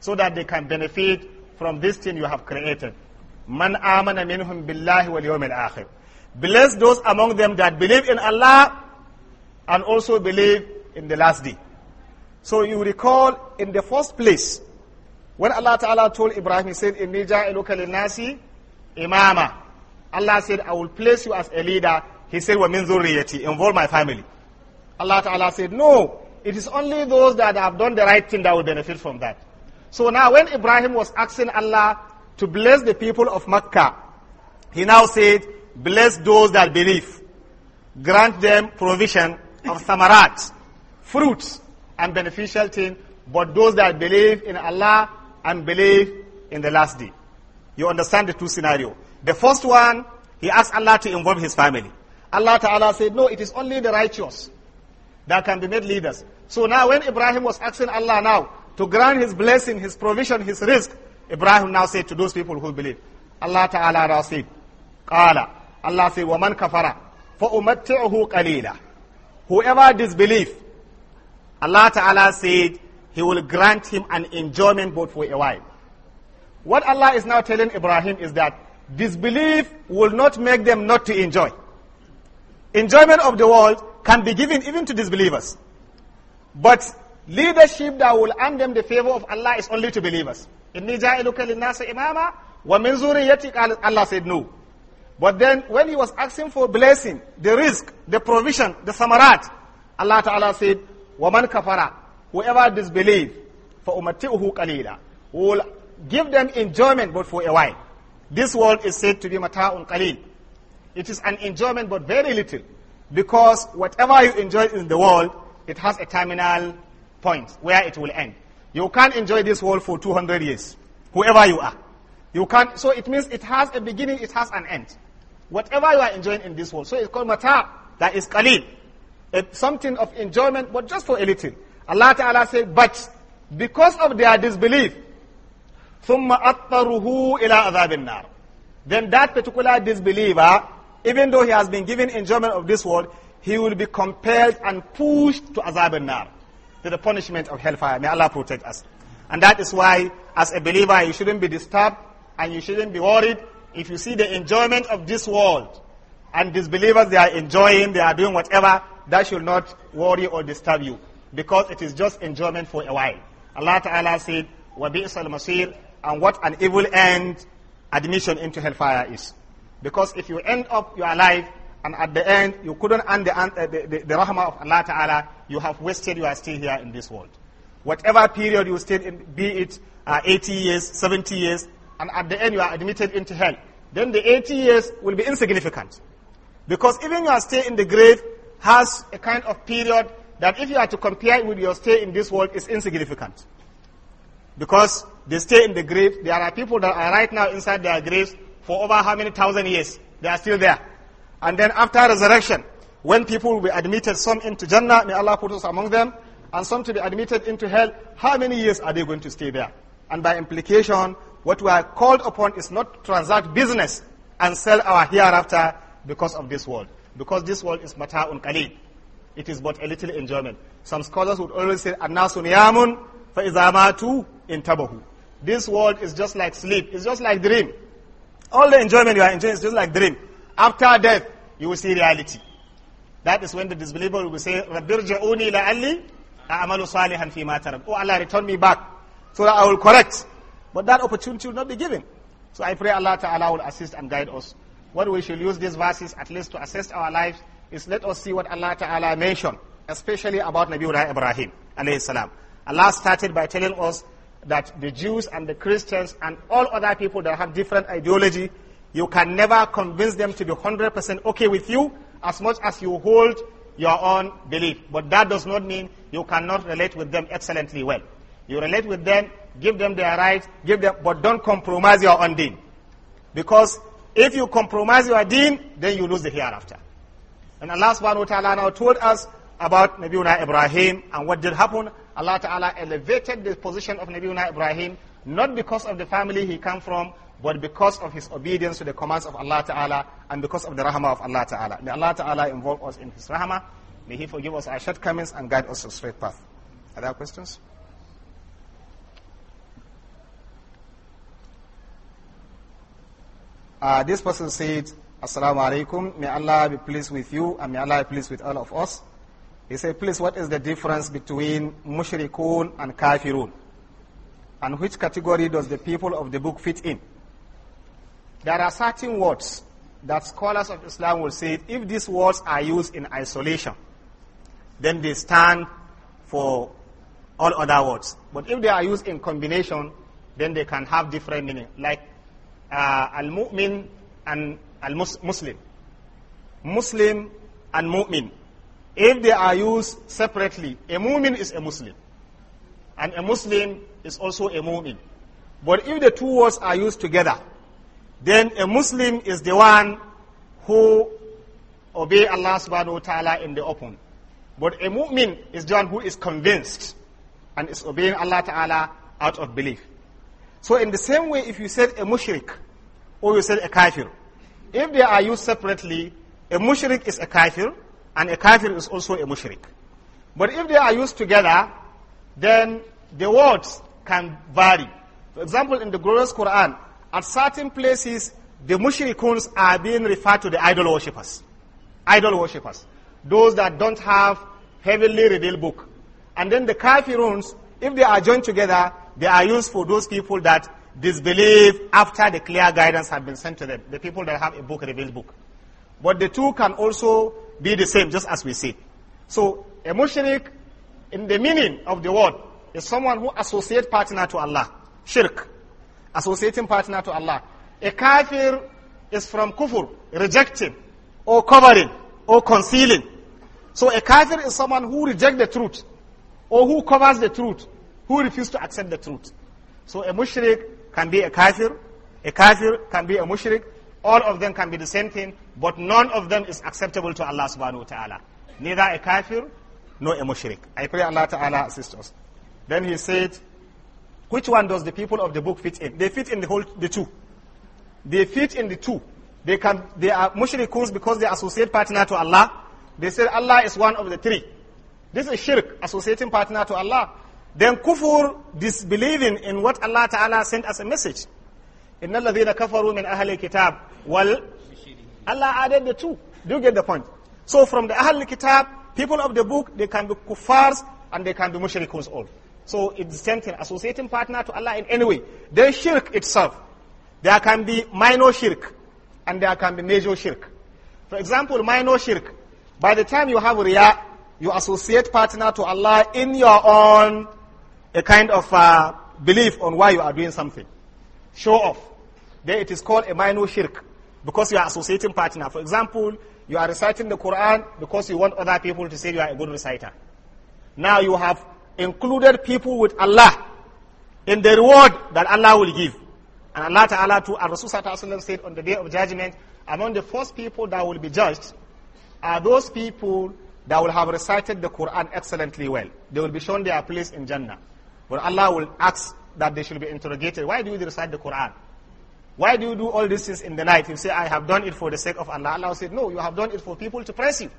S1: so that they can benefit from this thing you have created. Man amana minhum billahi wal yawmil akhir. Bless those among them that believe in Allah and also believe in the last day. So you recall in the first place, when Allah Ta'ala told Ibrahim, he said, Inni ja'iluka linnasi imama. Allah said, I will place you as a leader. He said, wa min zurriyati, involve my family. Allah Ta'ala said, no, it is only those that have done the right thing that will benefit from that. So now when Ibrahim was asking Allah to bless the people of Mecca, he now said, bless those that believe. Grant them provision of samarat, fruits and beneficial things, but those that believe in Allah and believe in the last day. You understand the two scenarios. The first one, he asked Allah to involve his family. Allah Ta'ala said, no, it is only the righteous that can be made leaders. So now when Ibrahim was asking Allah now to grant his blessing, his provision, his risk. Ibrahim now said to those people who believe, Allah Ta'ala now said, Qala, Allah said, وَمَنْ كَفَرَ فَأُمَتِّعُهُ قَلِيلًا Whoever disbelieves, Allah Ta'ala said, He will grant him an enjoyment both for a while. What Allah is now telling Ibrahim is that disbelief will not make them not to enjoy. Enjoyment of the world can be given even to disbelievers. But Leadership that will earn them the favor of Allah is only to believers. In جَائِلُكَ لِلنَّاسِ إِمَامًا Allah said no. But then when he was asking for blessing, the risk, the provision, the samarat, Allah Ta'ala said, وَمَنْ kafara. Whoever disbelieves, فَأُمَتِّئُهُ قَلِيلًا will give them enjoyment but for a while. This world is said to be mata'un qalil. It is an enjoyment but very little because whatever you enjoy in the world, it has a terminal point where it will end. You can't enjoy this world for 200 years, whoever you are. You can't, so it means it has a beginning, it has an end. Whatever you are enjoying in this world. So it's called mata, that is qalil. something of enjoyment, but just for a little. Allah Ta'ala said, but because of their disbelief, ثُمَّ أَطَّرُهُ إِلَىٰ أَذَابِ Then that particular disbeliever, even though he has been given enjoyment of this world, he will be compelled and pushed to azab al-nar to the punishment of hellfire. May Allah protect us. And that is why, as a believer, you shouldn't be disturbed and you shouldn't be worried if you see the enjoyment of this world and disbelievers, they are enjoying, they are doing whatever, that should not worry or disturb you because it is just enjoyment for a while. Allah Ta'ala said, وَبِئْسَ masir," And what an evil end admission into hellfire is. Because if you end up your life and at the end, you couldn't earn the, uh, the, the, the rahmah of Allah Ta'ala, you have wasted your stay here in this world. Whatever period you stayed in, be it uh, 80 years, 70 years, and at the end you are admitted into hell, then the 80 years will be insignificant. Because even your stay in the grave has a kind of period that if you are to compare it with your stay in this world, is insignificant. Because they stay in the grave, there are people that are right now inside their graves for over how many thousand years? They are still there. And then after resurrection, when people will be admitted, some into Jannah, may Allah put us among them, and some to be admitted into hell, how many years are they going to stay there? And by implication, what we are called upon is not to transact business and sell our hereafter because of this world. Because this world is mata'un qalil. It is but a little enjoyment. Some scholars would always say, annasu niyamun فَإِذَا مَاتُوا intabahu. This world is just like sleep. It's just like dream. All the enjoyment you are enjoying is just like dream. After death, you will see reality. That is when the disbeliever will say, "Rabirjauni لَأَلِّي أَعْمَلُ صَالِحًا فِي مَا Oh Allah, return me back so that I will correct. But that opportunity will not be given. So I pray Allah Ta'ala will assist and guide us. What we should use these verses at least to assist our lives is let us see what Allah Ta'ala mentioned, especially about Nabiullah Ibrahim alayhi salam. Allah started by telling us that the Jews and the Christians and all other people that have different ideology, you can never convince them to be 100% okay with you as much as you hold your own belief. But that does not mean you cannot relate with them excellently well. You relate with them, give them their rights, give them, but don't compromise your own deen. Because if you compromise your deen, then you lose the hereafter. And Allah subhanahu wa ta'ala now told us about Nabiuna Ibrahim and what did happen. Allah ta'ala elevated the position of Nabiuna Ibrahim, not because of the family he came from, but because of his obedience to the commands of Allah Ta'ala and because of the rahmah of Allah Ta'ala. May Allah Ta'ala involve us in his rahmah. May he forgive us our shortcomings and guide us to straight path. Are there questions? Uh, this person said, Assalamu alaikum. May Allah be pleased with you and may Allah be pleased with all of us. He said, please, what is the difference between mushrikun and kafirun? And which category does the people of the book fit in? There are certain words that scholars of Islam will say, if these words are used in isolation, then they stand for all other words. But if they are used in combination, then they can have different meaning. Like uh, al-mu'min and al-muslim. Muslim and mu'min. If they are used separately, a mu'min is a Muslim. And a Muslim is also a mu'min. But if the two words are used together, then a Muslim is the one who obey Allah subhanahu wa ta'ala in the open. But a mu'min is the one who is convinced and is obeying Allah ta'ala out of belief. So in the same way, if you said a mushrik or you said a kafir, if they are used separately, a mushrik is a kafir and a kafir is also a mushrik. But if they are used together, then the words can vary. For example, in the glorious Quran, at certain places, the mushrikuns are being referred to the idol worshippers. Idol worshippers. Those that don't have heavenly revealed book. And then the kafiruns, if they are joined together, they are used for those people that disbelieve after the clear guidance have been sent to them. The people that have a book, revealed book. But the two can also be the same, just as we see. So, a mushrik, in the meaning of the word, is someone who associates partner to Allah. Shirk associating partner to Allah. A kafir is from kufur, rejecting, or covering, or concealing. So a kafir is someone who rejects the truth, or who covers the truth, who refuses to accept the truth. So a mushrik can be a kafir, a kafir can be a mushrik, all of them can be the same thing, but none of them is acceptable to Allah subhanahu wa ta'ala. Neither a kafir, nor a mushrik. I pray Allah ta'ala assist us. Then he said, which one does the people of the book fit in? They fit in the whole, the two. They fit in the two. They can, they are mushrikuns because they associate partner to Allah. They say Allah is one of the three. This is shirk, associating partner to Allah. Then kufur, disbelieving in what Allah Ta'ala sent as a message. إِنَّ الَّذِينَ كَفَرُوا min أَهْلِ kitab. Well, Allah added the two. Do you get the point? So from the Ahl kitab people of the book, they can be kuffars and they can be mushrikuns all. So it's the same thing, associating partner to Allah in any way. Then shirk itself. There can be minor shirk and there can be major shirk. For example, minor shirk. By the time you have riyah, you associate partner to Allah in your own a kind of uh, belief on why you are doing something. Show off. Then it is called a minor shirk because you are associating partner. For example, you are reciting the Quran because you want other people to say you are a good reciter. Now you have included people with Allah in the reward that Allah will give. And Allah Ta'ala too, Rasul said on the day of judgment, among the first people that will be judged are those people that will have recited the Quran excellently well. They will be shown their place in Jannah. But Allah will ask that they should be interrogated. Why do you recite the Quran? Why do you do all these things in the night? You say, I have done it for the sake of Allah. Allah said, no, you have done it for people to praise you.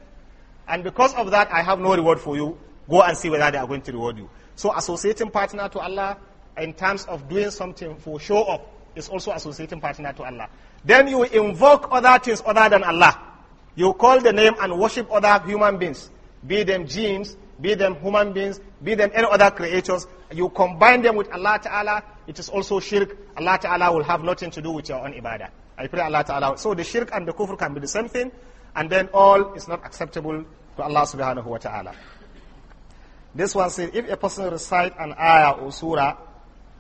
S1: And because of that, I have no reward for you Go and see whether they are going to reward you. So associating partner to Allah in terms of doing something for show up is also associating partner to Allah. Then you invoke other things other than Allah. You call the name and worship other human beings, be them jinns, be them human beings, be them any other creatures. You combine them with Allah Ta'ala, it is also shirk. Allah Ta'ala will have nothing to do with your own ibadah. I pray Allah Ta'ala. So the shirk and the kufr can be the same thing, and then all is not acceptable to Allah Subhanahu Wa Ta'ala. This one said, if a person recite an ayah or surah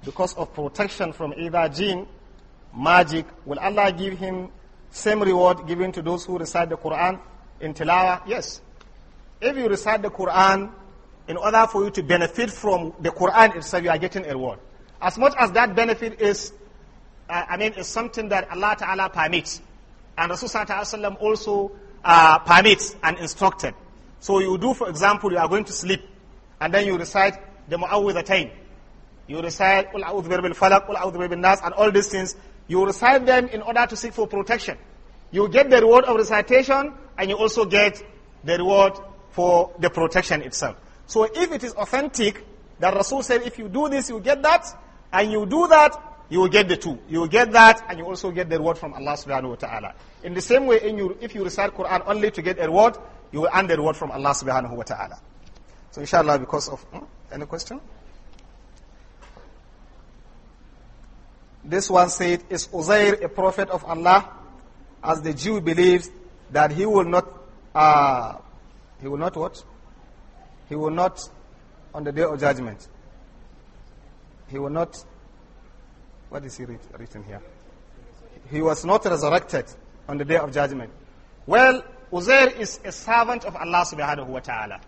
S1: because of protection from either jinn, magic, will Allah give him same reward given to those who recite the Quran in tilawah? Yes. If you recite the Quran, in order for you to benefit from the Quran itself, you are getting a reward. As much as that benefit is, uh, I mean, is something that Allah Ta'ala permits. And Rasulullah also uh, permits and instructed. So you do, for example, you are going to sleep. And then you recite the Mu'awwidhatayn. You recite Qul A'udhu bi Rabbil Falaq, Qul A'udhu bi Nas, and all these things. You recite them in order to seek for protection. You get the reward of recitation, and you also get the reward for the protection itself. So if it is authentic, that Rasul said, if you do this, you get that, and you do that, you will get the two. You will get that, and you also get the reward from Allah subhanahu wa ta'ala. In the same way, in if you recite Quran only to get a reward, you will earn the reward from Allah subhanahu wa ta'ala. So inshallah, because of, hmm, any question? This one said, is Uzair a prophet of Allah? As the Jew believes that he will not, uh, he will not what? He will not, on the day of judgment, he will not, what is he read, written here? He was not resurrected on the day of judgment. Well, Uzair is a servant of Allah subhanahu wa ta'ala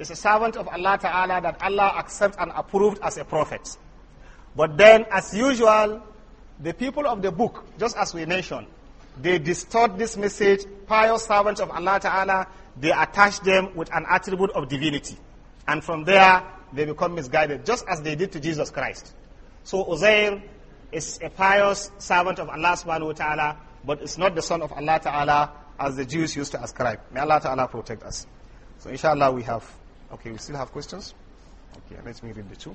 S1: is a servant of Allah Ta'ala that Allah accepts and approved as a prophet. But then, as usual, the people of the book, just as we mentioned, they distort this message. Pious servants of Allah Ta'ala, they attach them with an attribute of divinity. And from there, they become misguided, just as they did to Jesus Christ. So Uzair is a pious servant of Allah subhanahu wa ta'ala, but it's not the son of Allah ta'ala as the Jews used to ascribe. May Allah ta'ala protect us. So inshallah we have Okay, we still have questions? Okay, let me read the two.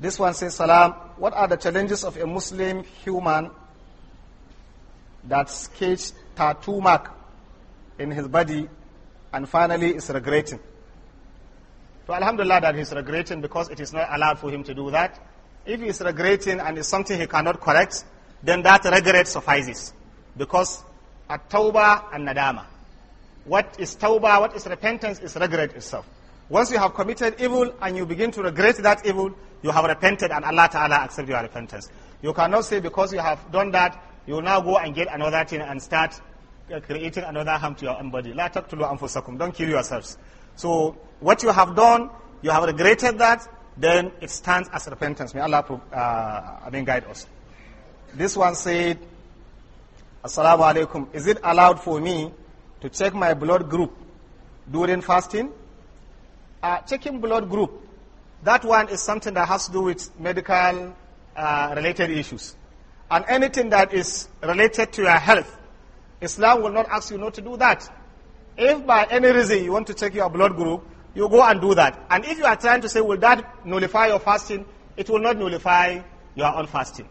S1: This one says, Salam, what are the challenges of a Muslim human that sketched tattoo mark in his body and finally is regretting? So Alhamdulillah that he's regretting because it is not allowed for him to do that. If he's regretting and it's something he cannot correct, then that regret suffices. Because at-tawbah and nadama. What is tawbah, what is repentance is regret itself. Once you have committed evil and you begin to regret that evil, you have repented and Allah Ta'ala accepts your repentance. You cannot say because you have done that, you will now go and get another thing and start uh, creating another harm to your own body. La taqtulu Don't kill yourselves. So what you have done, you have regretted that, then it stands as repentance. May Allah uh, I mean guide us. This one said, Assalamu alaikum. Is it allowed for me to check my blood group during fasting. Uh, checking blood group, that one is something that has to do with medical uh, related issues. And anything that is related to your health, Islam will not ask you not to do that. If by any reason you want to check your blood group, you go and do that. And if you are trying to say, will that nullify your fasting? It will not nullify your own fasting.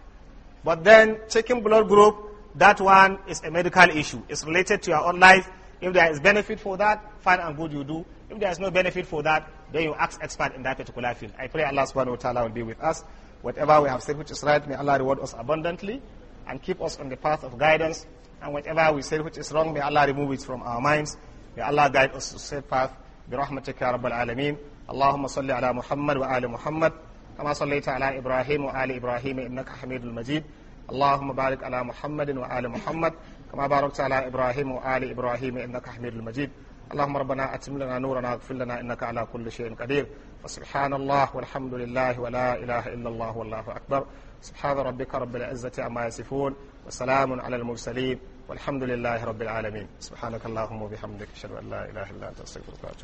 S1: But then checking blood group, that one is a medical issue. It's related to your own life. If there is benefit for that, fine and good you do. If there is no benefit for that, then you ask expert in that particular field. I pray Allah subhanahu wa ta'ala will be with us. Whatever we have said which is right, may Allah reward us abundantly and keep us on the path of guidance. And whatever we say which is wrong, may Allah remove it from our minds. May Allah guide us to the safe path. برحمتك يا رب العالمين اللهم صل على محمد وآل محمد كما صليت على إبراهيم وآل إبراهيم إنك حميد المجيد اللهم بارك على محمد وآل محمد كما باركت على إبراهيم وآل إبراهيم إنك حميد المجيد اللهم ربنا أتم لنا نورنا واغفر لنا إنك على كل شيء قدير فسبحان الله والحمد لله ولا إله إلا الله والله أكبر سبحان ربك رب العزة عما يصفون وسلام على المرسلين والحمد لله رب العالمين سبحانك اللهم وبحمدك أشهد أن لا إله إلا أنت أستغفرك وأتوب